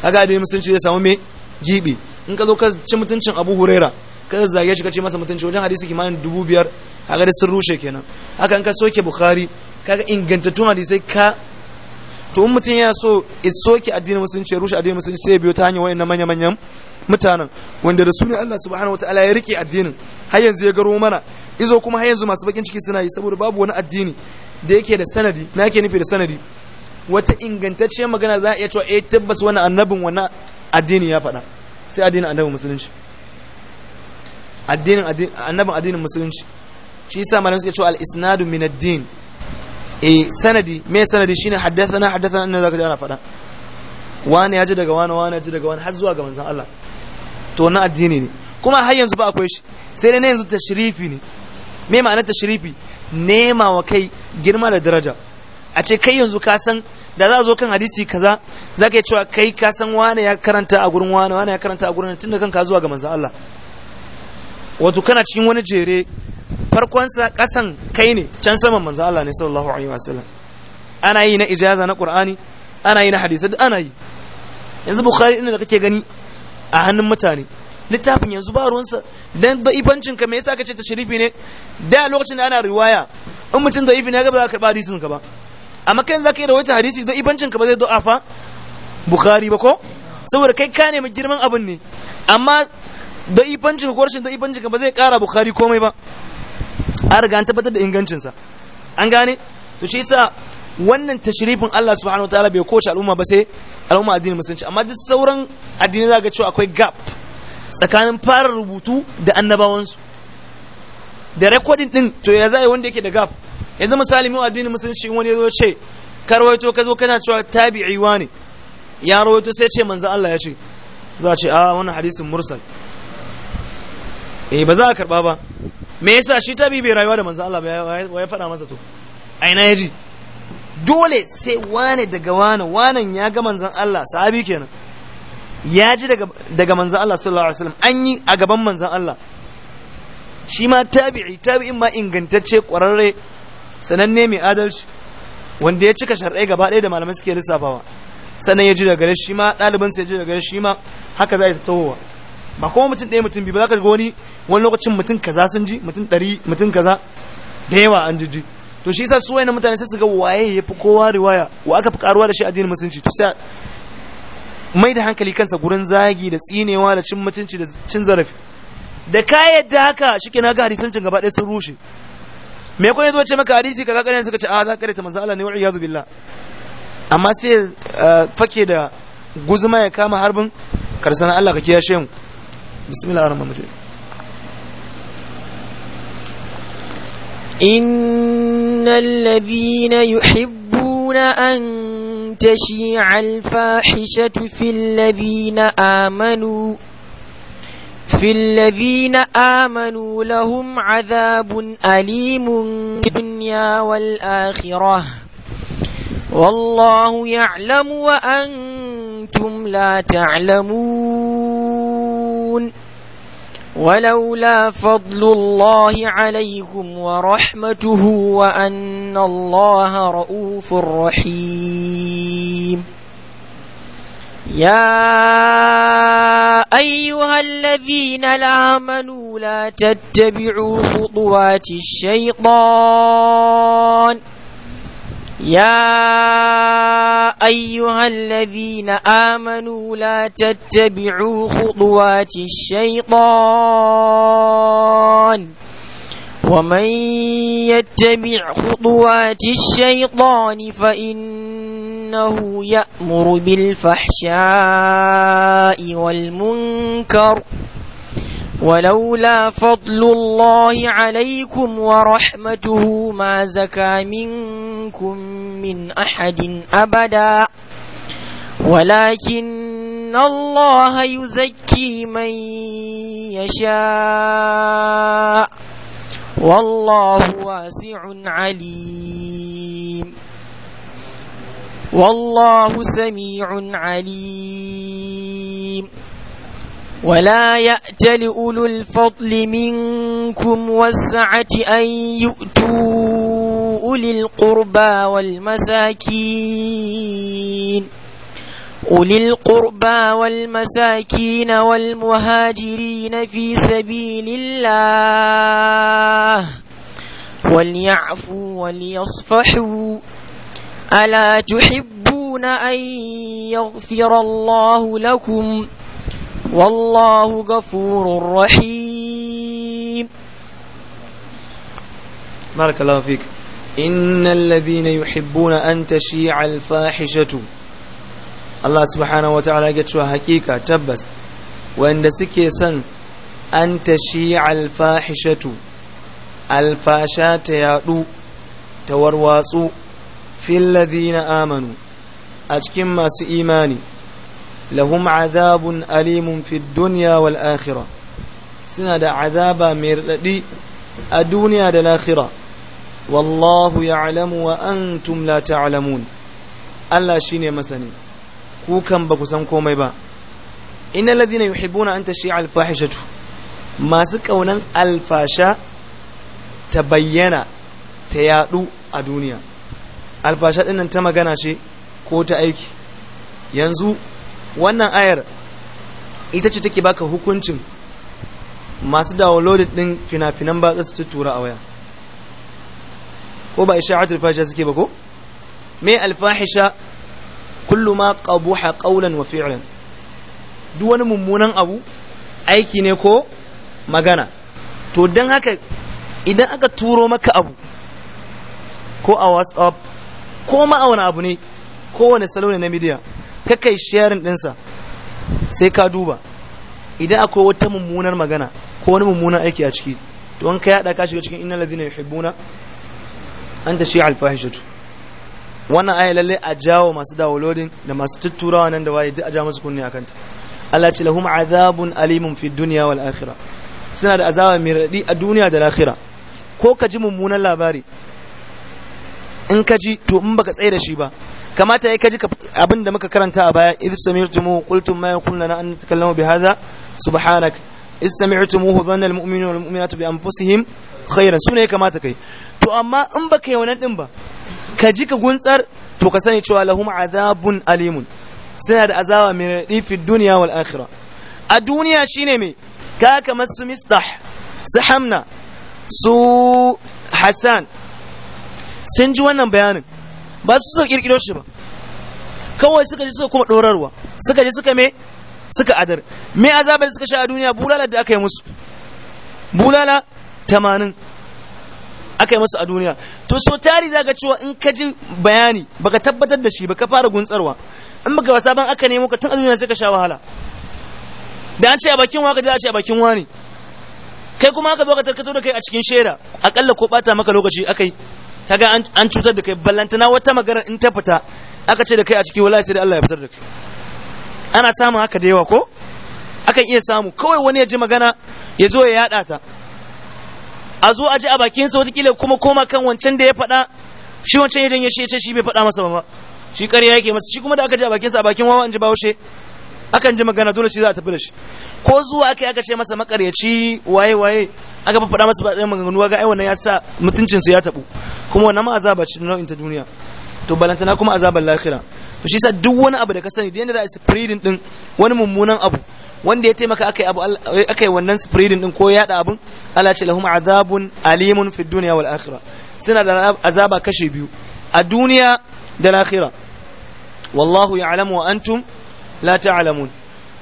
kaga addinin musulunci zai samu me gibi in ka zo ka ci mutuncin Abu Huraira ka zage shi kace masa mutunci wajen hadisi kimanin biyar kaga da sun rushe kenan haka in ka soke bukhari kaga ingantattun hadisai ka to in mutum ya so is soke addini musulunci rushe addini musulunci sai biyo ta hanyar wayannan manya manyan mutanen wanda rasulun Allah subhanahu wataala ya rike addinin har yanzu ya garo mana izo kuma har yanzu masu bakin ciki suna yi saboda babu wani addini da yake da sanadi na yake nufi da sanadi wata ingantacciyar magana za a iya cewa eh tabbas wani annabin wani addini ya faɗa sai addinin annabin musulunci addinin annabin addinin musulunci shi yasa malamin suke cewa al-isnadu min ad-din eh sanadi me sanadi shine haddathana haddathana annabi zaka ji ana fada wani ya ji daga wani wani ya ji daga wani har zuwa ga manzon Allah to wannan addini ne kuma har yanzu ba akwai shi sai dai yanzu tashrifi ne me ma'anar tashrifi nema wa kai girma da daraja a ce kai yanzu ka san da za a zo kan hadisi kaza za ka yi cewa kai ka san wane ya karanta a gurin wane wane ya karanta a gurin tun da kanka zuwa ga manzan Allah wato kana cikin wani jere farkonsa kasan kai ne can saman manzo Allah ne sallallahu alaihi wasallam ana yi na ijaza na qur'ani ana yi na hadisi duk ana yi yanzu bukhari inda da kake gani a hannun mutane littafin yanzu ba ruwansa dan ibancin ka me yasa kace ta sharifi ne da lokacin da ana riwaya in mutum yi ne ga ba za ka karba hadisin ka ba amma kai zaka yi rawaita hadisi ibancin ka ba zai afa bukhari ba ko saboda kai ka mai girman abin ne amma da ifancin ko rashin da ifancin ba zai kara bukhari komai ba A riga an tabbatar da ingancinsa an gane to shi yasa wannan tashrifin Allah subhanahu wataala bai kowace al'umma ba sai al'umma addinin musulunci amma duk sauran addinai za ga cewa akwai gap tsakanin fara rubutu da annabawansu da rekodin din to ya zai wanda yake da gap yanzu misali mu addinin musulunci wani ya zo ce karwaito ka zo kana cewa tabi'i ne ya rawaito sai ce manzo Allah ya ce za a ce a ah, wannan hadisin mursal eh ba za a karba ba me yasa shi tabi bai rayuwa da manzo Allah ba ya faɗa masa to a ina yaji dole sai wane daga wane wanan ya ga manzon Allah sahabi kenan ya ji daga daga manzon Allah sallallahu alaihi wasallam an yi a gaban manzon Allah shi ma tabi'i tabi'in ma ingantacce kwararre sananne mai adalci wanda ya cika shar'ai gaba ɗaya da malamai suke lissafawa sannan ya ji daga gare shi ma ɗalibinsa ya ji daga gare shi ma haka za a yi ta tawowa ba kuma mutum ɗaya mutum biyu ba za ka ga wani wani lokacin mutum kaza sun ji mutum ɗari mutum kaza da yawa an jiji to shi sa su wayannan mutane sai su ga waye ya fi kowa riwaya wa aka fi karuwa da shi addinin musulunci to sai mai da hankali kansa gurin zagi da tsinewa da cin mutunci da cin zarafi da ka yadda haka ke na ga hadisancin gaba ɗaya sun rushe me ko yazo ce maka hadisi ka kare suka ce a ah, za ka ta manzo Allah ne wa'i iyadu billah amma sai eh, fake da guzuma ya kama harbin karsana Allah ka kiyashe mu ar-rahman ar rahim إن الذين يحبون أن تشيع الفاحشة في الذين آمنوا في الذين آمنوا لهم عذاب أليم في الدنيا والآخرة والله يعلم وأنتم لا تعلمون ولولا فضل الله عليكم ورحمته وأن الله رؤوف رحيم يا أيها الذين آمنوا لا تتبعوا خطوات الشيطان يا أيها الذين آمنوا لا تتبعوا خطوات الشيطان ومن يتبع خطوات الشيطان فإنه يأمر بالفحشاء والمنكر ولولا فضل الله عليكم ورحمته ما زكى منكم من أحد أبدا ولكن الله يزكي من يشاء والله واسع عليم والله سميع عليم ولا يأتل أولو الفضل منكم والسعة أن يؤتوا أولي القربى والمساكين أولي القربى والمساكين والمهاجرين في سبيل الله وليعفوا وليصفحوا ألا تحبون أن يغفر الله لكم ؟ والله غفور رحيم بارك الله فيك إن الذين يحبون أن تشيع الفاحشة Allah subhanahu wata'ala ya cewa hakika tabbas wanda suke son an tashi alfahishatu alfasha ta yadu ta warwatsu fil ladina amanu a cikin masu imani lahum azabun alimun fi dunya wal akhira. suna da azaba mai raɗaɗi. a duniya da lahira wallahu ya'lamu wa antum la ta'lamun Allah shine masani Kukan kan ba ku san komai ba innal ladhina yuhibbuna an ta shi fahishatu masu kaunan alfasha ta bayyana ta yaɗu a duniya alfasha ɗinnan ta magana ce ko ta aiki yanzu wannan ayar ita ce take baka hukuncin masu downloaded din fina-finan ba su tura a waya ko ba atul fahisha suke ba ko mai alfahisha kullum ma qabuha qawlan wa fi'lan duk wani mummunan abu aiki ne ko magana to dan haka idan aka turo maka abu ko a whatsapp ko ma a wani abu ne ko kowane salo ne na midiya kakai sharing ɗinsa sai ka duba idan akwai wata mummunar magana ko wani mummunar aiki a ciki to an ka yada ka shiga cikin innal ladina yuhibbuna an ta shi'a alfahishatu wannan ayi lalle a jawo masu downloading da masu tutturawa nan da waye duk a jawo musu kunni akan ta Allah ce lahum azabun alimun fi dunya wal akhirah suna da azaba mai radi a duniya da lahira ko ka ji mummunan labari in ka ji to in baka tsaya da shi ba kamata ya kaji abin da muka karanta a baya idh sami'tumu qultum ma yakun lana an natakallama bi hadha subhanak idh sami'tumuhu dhanna almu'minuna wal mu'minatu bi anfusihim khairan sune kamata kai to amma in baka yi wannan din ba ka ji ka guntsar to ka sani cewa lahum azabun alimun suna da azaba mai raɗi fi duniya wal akhirah a duniya shine me ka kamar su mistah su hamna su hasan sun ji wannan bayanin ba su suka kirkiro shi ba kawai suka ji suka kuma dorarwa suka ji suka me suka adar me azabar suka sha a duniya bulala da aka yi musu bulala tamanin aka yi musu a duniya to so tari za ka cewa in ka ji bayani baka tabbatar da shi baka fara guntsarwa in baka wasa aka nemo ka tun a duniya sai ka sha wahala da an ce a bakin waka da a ce a bakin wani kai kuma aka zo ka tarkato da kai a cikin shera akalla ko bata maka lokaci akai kaga an cutar da kai ballantana wata magana in ta fita aka ce da kai a ciki wallahi sai da Allah ya fitar da kai ana samun haka da yawa ko akan iya samu kawai wani ya ji magana ya zo ya yada ta a zo a ji a bakin sa watakila kuma koma kan wancan da ya faɗa shi wancan idan ya shi ya ce shi bai faɗa masa ba shi ƙarya yake masa shi kuma da aka ji a bakin sa a bakin wawa an ji bawushe akan ji magana dole shi za a tafi da shi ko zuwa aka aka ce masa makaryaci waye waye aka faɗa masa ba ɗaya maganganu ga ai wannan ya sa mutuncinsa ya tabu kuma wannan ma azaba ce nau'in ta duniya to balantana kuma azabar lahira to shi sa duk wani abu da ka sani da yanda za a spreading din wani mummunan abu wanda ya taimaka akai wannan spreading din ko yada abun Allah ce lahum azabun alimun fid dunya wal akhira. suna da azaba kashe biyu a duniya da lahira wallahu ya'lamu wa antum la ta'lamun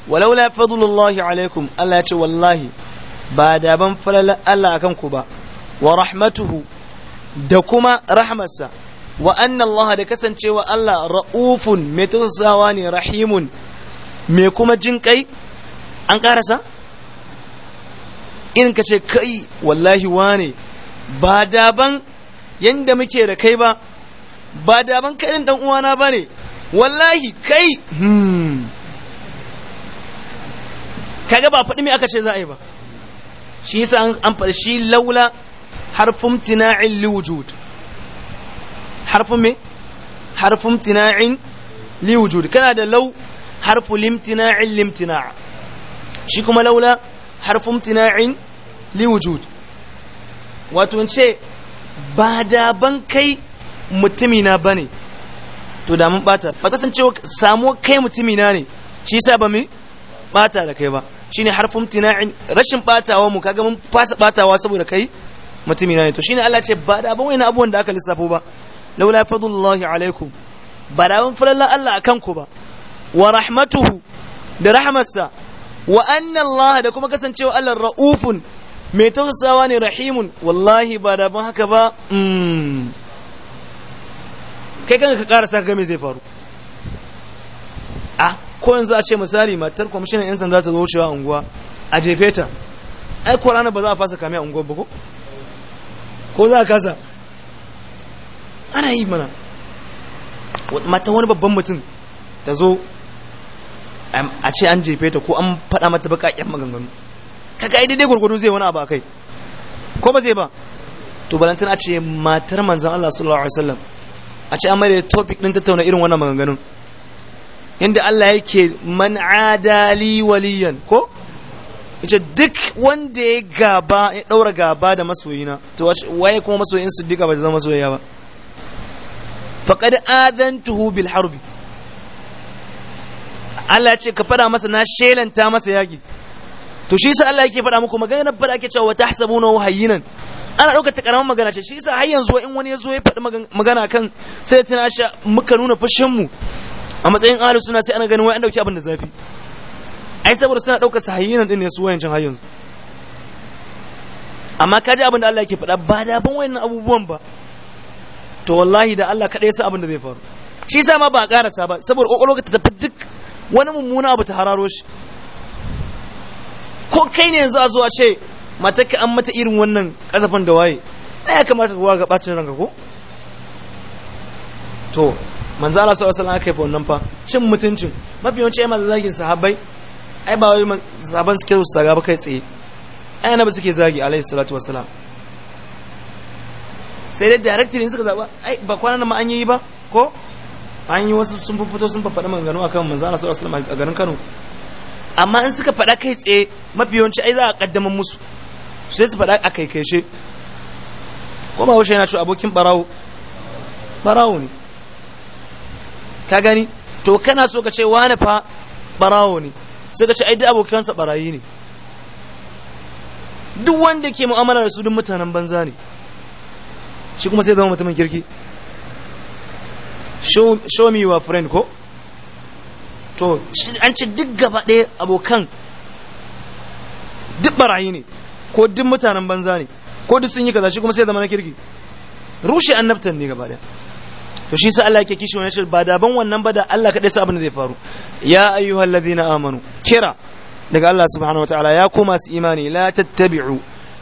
walaula fadlullahi alaikum Allah ce wallahi ba da ban falala Allah akan ku ba wa rahmatuhu da kuma rahmarsa wa annan Allah da kasancewa Allah ra'ufun mai tausasawa ne rahimun mai kuma jin kai an karasa in ka ce kai wallahi wane ba daban yadda muke da kai ba ba daban kaɗin ɗan uwana ba ne wallahi kai hmm, kaga ba faɗi me aka ce za a yi ba shi yasa an faɗi shi laula harfin tina'in liwujud harfin me harfin tina'in liwujud kana da lau harfu limtina'in limtina' shi kuma laula harfin tina'in liwujud wato ce ba da kai mutumina ba ne to da bata ba kasancewa samu kai mutumina ne shi yasa ba bata da kai ba shine harfin tina'in rashin batawa mu kaga mun fasa batawa saboda kai mutumi na ne to shine Allah ce ba da abin wani abu da aka lissafo ba laula fadlullahi alaikum ba da abin falalan Allah akan ku ba wa rahmatuhu da rahmarsa wa anna Allah da kuma kasancewa Allah raufun mai tausawa ne rahimun wallahi ba da ban haka ba mm. kai kanka ka karasa ga me zai faru a ko yanzu a ce misali matar kwamishinan 'yan sanda ta zo wucewa unguwa a jefe ta ai ko ba za a fasa kame a unguwa ba ko ko za a kasa ana yi mana mata wani babban mutum ta zo a ce an jefe ta ko an faɗa mata baƙaƙen maganganu ka ai daidai gwargwado zai wani abu a kai ko ba zai ba to balantan a ce matar manzan Allah sallallahu alaihi wasallam a ce amma da topic din tattauna irin wannan maganganun inda Allah yake man adali waliyan ko yace duk wanda ya gaba ya daura gaba da masoyina to waye kuma masoyin siddiqa ba zama masoyiya ba faqad adantuhu bil harbi Allah ce ka fada masa na shelanta masa yaki to shi sai Allah yake fada muku magana fada ake cewa tahsabuna hayyinan ana dauka ta ƙaramin magana ce shi sai har yanzu in wani ya zo ya faɗi magana kan sai tana sha muka nuna fushin mu a matsayin ahlus suna sai ana ganin wai an dauki abin da zafi ai saboda suna ɗaukar sahayinan ɗin ne su wayancin har yanzu amma ka ji abin da Allah yake faɗa ba da ban wayannan abubuwan ba to wallahi da Allah kaɗai sa abin da zai faru shi sa ma ba ƙarasa ba saboda ƙwaƙwalwa ta tafi duk wani mummuna abu ta hararo shi ko kai ne yanzu a zuwa ce matakka an mata irin wannan ƙazafin da waye na ya kamata ka ga ɓacin ranka ko to manzo Allah sallallahu alaihi wasallam aka yi fa wannan fa cin mutuncin mafi yawanci ai maza zagin sahabbai ai ba wai sahaban suke su saga ba kai tsaye ai ba suke zagi alaihi salatu wassalam sai dai directly suka zaba ai ba nan ma an yi ba ko an yi wasu sun fito sun fafada maganganu akan manzo Allah sallallahu alaihi wasallam a garin Kano amma in suka faɗa kai tsaye mafi yawanci ai za a kaddamar musu sai su faɗa a she ko ba wuce yana cewa abokin barawo barawo ne ka gani to kana so ka ce wani fa barawo ne ka ce ai duk abokansa barayi ne duk wanda ke mu'amala da su duk mutanen banza ne shi kuma sai zama mutumin kirki show me your friend ko to an ce duk gaba ɗaya abokan duk barayi ne ko duk mutanen banza ne ko duk sun yi kaza shi kuma sai zama na kirki rushe annabtan ne gaba ɗaya to shi sa Allah yake kishi wannan shi ba daban wannan ba da Allah kadai sa abin da zai faru ya ayyuhal ladina amanu kira daga Allah subhanahu wataala ya ku masu imani la tattabi'u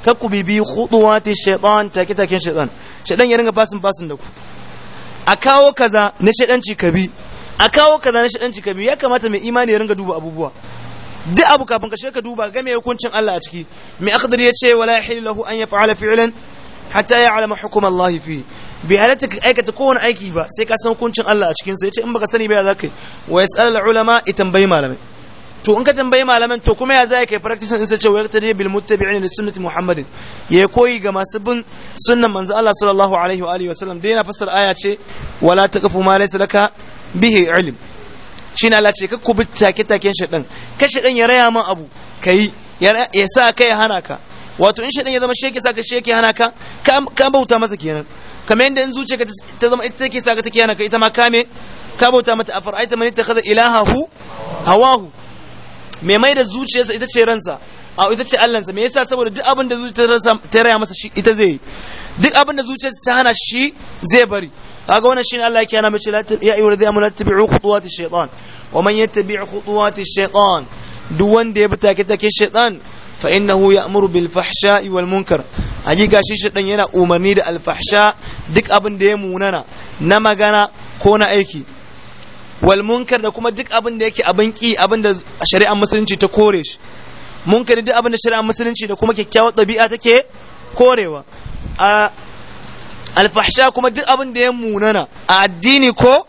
kakku bibi khutuwati shaytan take taken shaytan shaytan ya ringa fasin fasin da ku a kawo kaza na shaydanci kabi a kawo kaza na shaydanci kabi ya kamata mai imani ya ringa duba abubuwa duk abu kafin ka shiga ka duba ga me hukuncin Allah a ciki mai akhdar ya ce wala yahilu lahu an yaf'ala fi'lan hatta ya'lama hukum Allah fi bai halatta ka aikata kowane aiki ba sai ka san hukuncin Allah a cikin sa yace in baka sani ba ya zaka wa yasal ulama ya tambayi malamai to in ka tambayi malamin to kuma ya za kai practice in sai ce wa yaqtadi bil muttabi'in li sunnati muhammadin ya koyi ga masu bin sunnan manzo Allah sallallahu alaihi wa alihi wasallam dai yana fassara aya ce wala taqfu ma laysa laka bihi ilm shine Allah ce kakku bi take taken shedan ka shedan ya raya man abu kai ya sa kai hana ka wato in shedan ya zama sheke sa ka sheke hana ka ka bauta masa kenan kamar yadda in zuciya ta zama ita take saka take yana ita ma kame ka bauta mata a far'aita man ittakhadha ilahahu hawahu me mai da zuciyarsa ita ce ransa a ita ce allansa me yasa saboda duk abin da zuciyarsa ta raya masa shi ita zai duk abin da zuciyarsa ta hana shi zai bari kaga wannan shine Allah yake yana mace ya ayyuhal ladina amanu tabi'u khutuwati shaytan wa man yattabi' khutuwati shaytan duk wanda ya bi take take shaytan fa ya ya'muru bil fahsha. wal munkar hakika shi shedan yana umarni da alfahsha duk abin da ya munana na magana ko na aiki wal munkar da kuma duk abin da yake abin ki abin da shari'ar musulunci ta kore shi munkari duk abin da shari'ar musulunci da kuma kyakkyawar ɗabi'a ta ke korewa a alfahsha kuma duk abin da ya munana a addini ko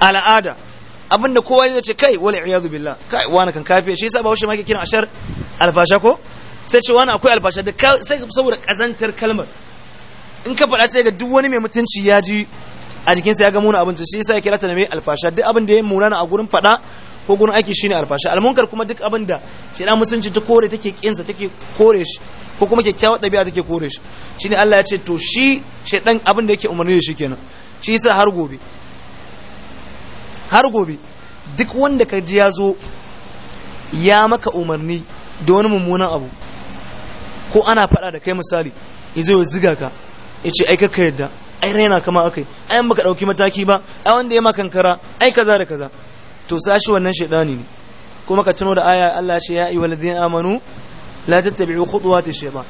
al'ada abinda kowa zai ce kai wal iyadu billah kai wani kan kafiya shi yasa ba wushe ma kiran ashar alfasha ko sai ce wani akwai alfasha da sai saboda kazantar kalmar in ka faɗa sai ga duk wani mai mutunci ya ji a jikinsa ya ga muna abinci shi yasa ya kira ta da mai alfasha duk abin da ya munana a gurin faɗa ko gurin aiki shine alfasha almunkar kuma duk abin da shi da musunci ta kore take kinsa take kore shi ko kuma kyakkyawar ɗabi'a take kore shi shine Allah ya ce to shi shedan abin da yake umarni da shi kenan shi yasa har gobe har gobe duk wanda ka ji ya zo ya maka umarni da wani mummunan abu ko ana fada da kai misali ya zo ya ziga ka ya ce ai yadda ai raina kama akai ai an baka dauki mataki ba ai wanda ya makankara ai kaza da kaza to sashi wannan shaidani ne kuma ka tuno da aya Allah ce ya ayyuhal ladina amanu la tattabi'u khutuwati shaytan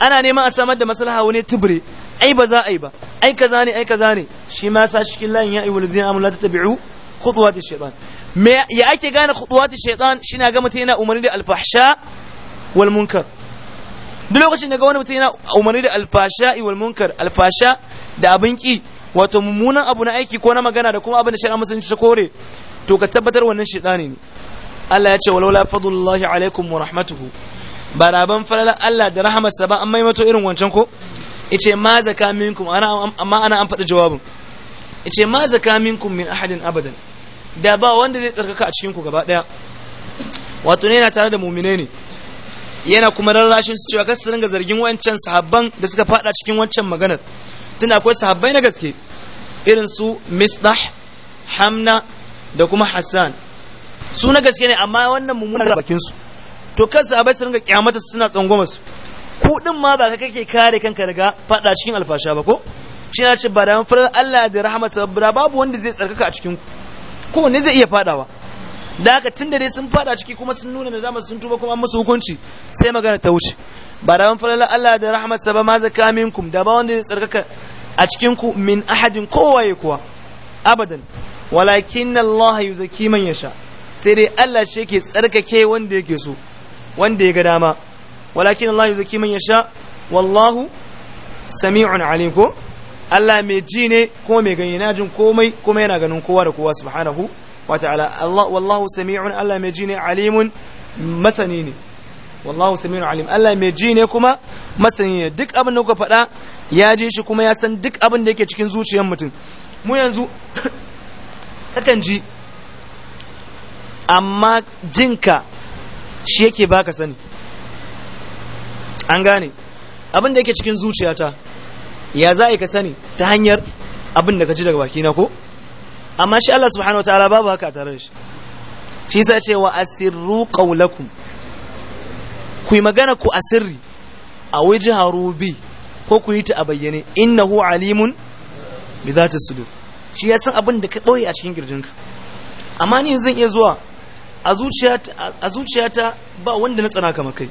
ana neman a samar da maslaha wani tibre ai ba za a yi ba ai kaza ne ai kaza ne shi ma sa cikin layin ya ayyuhal ladina amanu la tattabi'u khutuwati shaytan me ya ake gane khutuwati shaytan shine ga mutum yana umarni da alfahsha wal munkar duk lokacin da ga wani mutum yana umarni da alfasha wal munkar alfahsha da abin ki wato mummunan abu na aiki ko na magana da kuma abin da shari'a musulunci ta kore to ka tabbatar wannan shaytani ne Allah ya ce walaula fadlullahi alaikum wa rahmatuhu baraban falala Allah da rahamarsa ba an maimato irin wancan ko yace ma zaka minkum ana amma ana an faɗi jawabin yace ma zaka minkum min ahadin abadan da ba wanda zai tsarkaka a cikin ku gaba daya wato ne yana tare da mu'mine ne yana kuma rarrashin su cewa kar su ringa zargin wancan sahabban da suka fada cikin wancan maganar tun akwai sahabbai na gaske irin su misdah hamna da kuma hassan su na gaske ne amma wannan mummunan bakin su to kan sahabbai su ringa kyamata suna tsangwama su Kuɗin ma ba kake kare kanka daga fada cikin alfasha ba ko shi na ce ba da farar Allah da rahama sabbura babu wanda zai tsarkaka a cikin ko ne zai iya fadawa da haka tun da dai sun fada ciki kuma sun nuna zama sun tuba kuma an musu hukunci sai magana ta wuce ba da farar Allah da rahama sabba ma zaka minkum da ba wanda zai tsarkaka a cikin ku min ahadin kowaye kuwa abadan walakin Allah yuzaki man yasha sai dai Allah shi yake tsarkake wanda yake so wanda ya ga dama walakin Allah yuzaki man yasha wallahu sami'un alim ko Allah mai ji ne ko mai gani na jin komai kuma yana ganin kowa da kowa subhanahu wata'ala Allah wallahu sami'un Allah mai ji ne alimun masani ne wallahu sami'un alim Allah mai ji ne kuma masani ne duk abin da kuka faɗa ya ji shi kuma ya san duk abin da yake cikin zuciyar mutum mu yanzu kakan ji amma jinka shi yake baka sani an gane abin da yake cikin zuciyata ya za ka sani ta hanyar abin da ka ji daga bakina ko amma shi Allah subhanahu wataala babu haka tare da shi shi sai ce wa asirru qaulakum ku yi magana ku asirri a waje harubi ko ku yi ta a bayyane innahu alimun bi zati sudur shi ya san abin da ka ɗauye a cikin girjinka amma ni zan iya zuwa a zuciyata ba wanda na tsana kamar kai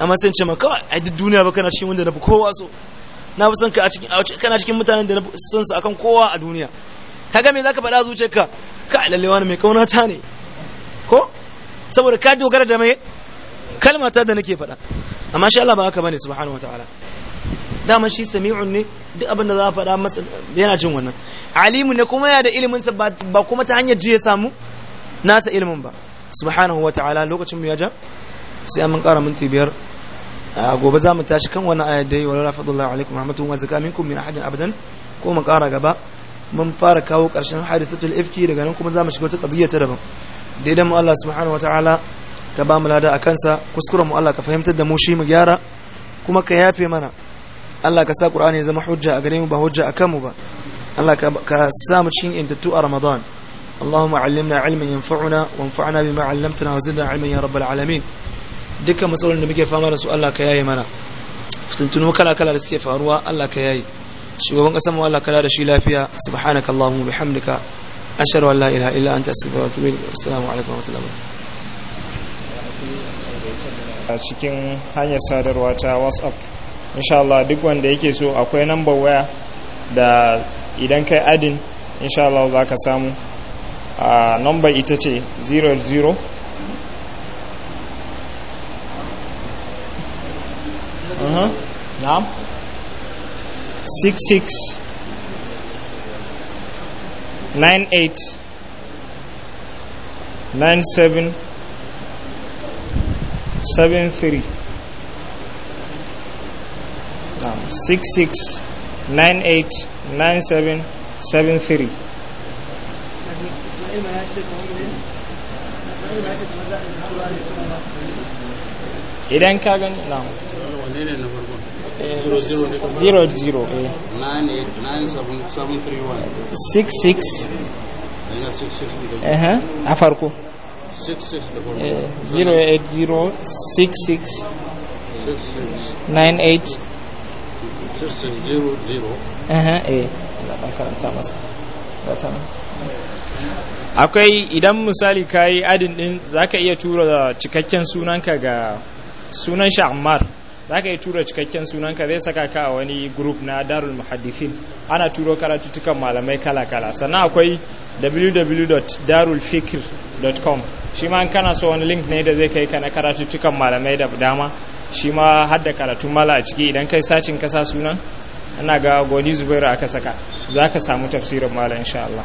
amma sun ce ma kawai a duk duniya ba kana cikin wanda na fi kowa so na fi son ka a cikin kana cikin mutanen da na son su akan kowa a duniya kaga me zaka faɗa zuce ka lalle wani mai kauna ta ne ko saboda ka dogara da mai kalma ta da nake faɗa amma shi Allah ba haka bane subhanahu wataala dama shi sami'un ne duk abin da za a faɗa masa yana jin wannan alimu ne kuma yana da ilimin sa ba kuma ta hanyar ji ya samu nasa ilimin ba subhanahu wataala lokacin mu ya ja sai an mun ƙara minti biyar gobe za mu tashi kan wani ayat dai wala rafadullahi alaikum rahmatullahi wa zakamin kum min ahadin abadan ko mu kara gaba mun fara kawo karshen hadisatul ifki daga nan kuma za mu shiga wata qadiyya ta daban daidan mu Allah subhanahu wa ka ba mu lada akan sa kuskuren mu Allah ka fahimtar da mu shi mu gyara kuma ka yafe mana Allah ka sa Qur'ani ya zama hujja a gare mu ba hujja akan mu ba Allah ka sa mu cikin intattu a Ramadan اللهم علمنا علما ينفعنا وانفعنا بما علمتنا وزدنا علما يا رب العالمين dukkan matsalolin da muke fama da su Allah ka yaye mana fitintuno kala kala da suke faruwa Allah ka yaye shugaban kasar mu Allah ka da shi lafiya subhanakallahumma bihamdika ashhadu an la ilaha illa anta astaghfiruka wa atubu assalamu alaikum wa rahmatullahi a cikin hanyar sadarwa ta WhatsApp insha Allah duk wanda yake so akwai number waya da idan kai adin insha Allah za ka samu a number ita ce 00 mhm na'am 66 98 97 73 um, 66 98 97 73 idan ka gani na menene akwai idan misali ka yi adin din zaka iya tura cikakken sunanka ga sunan shi Ammar za ka yi tura cikakken sunanka zai saka ka a wani group na darul muhaddifin ana turo karatuttukan malamai kala-kala sannan akwai www.darulfikir.com shi ma kana so wani link ne da zai kai ka na karatuttukan malamai da dama shi ma hadda karatun mala a ciki idan kai sacin kasa sunan ana ga goni zubairu aka saka za ka samu tafsirin mala insha Allah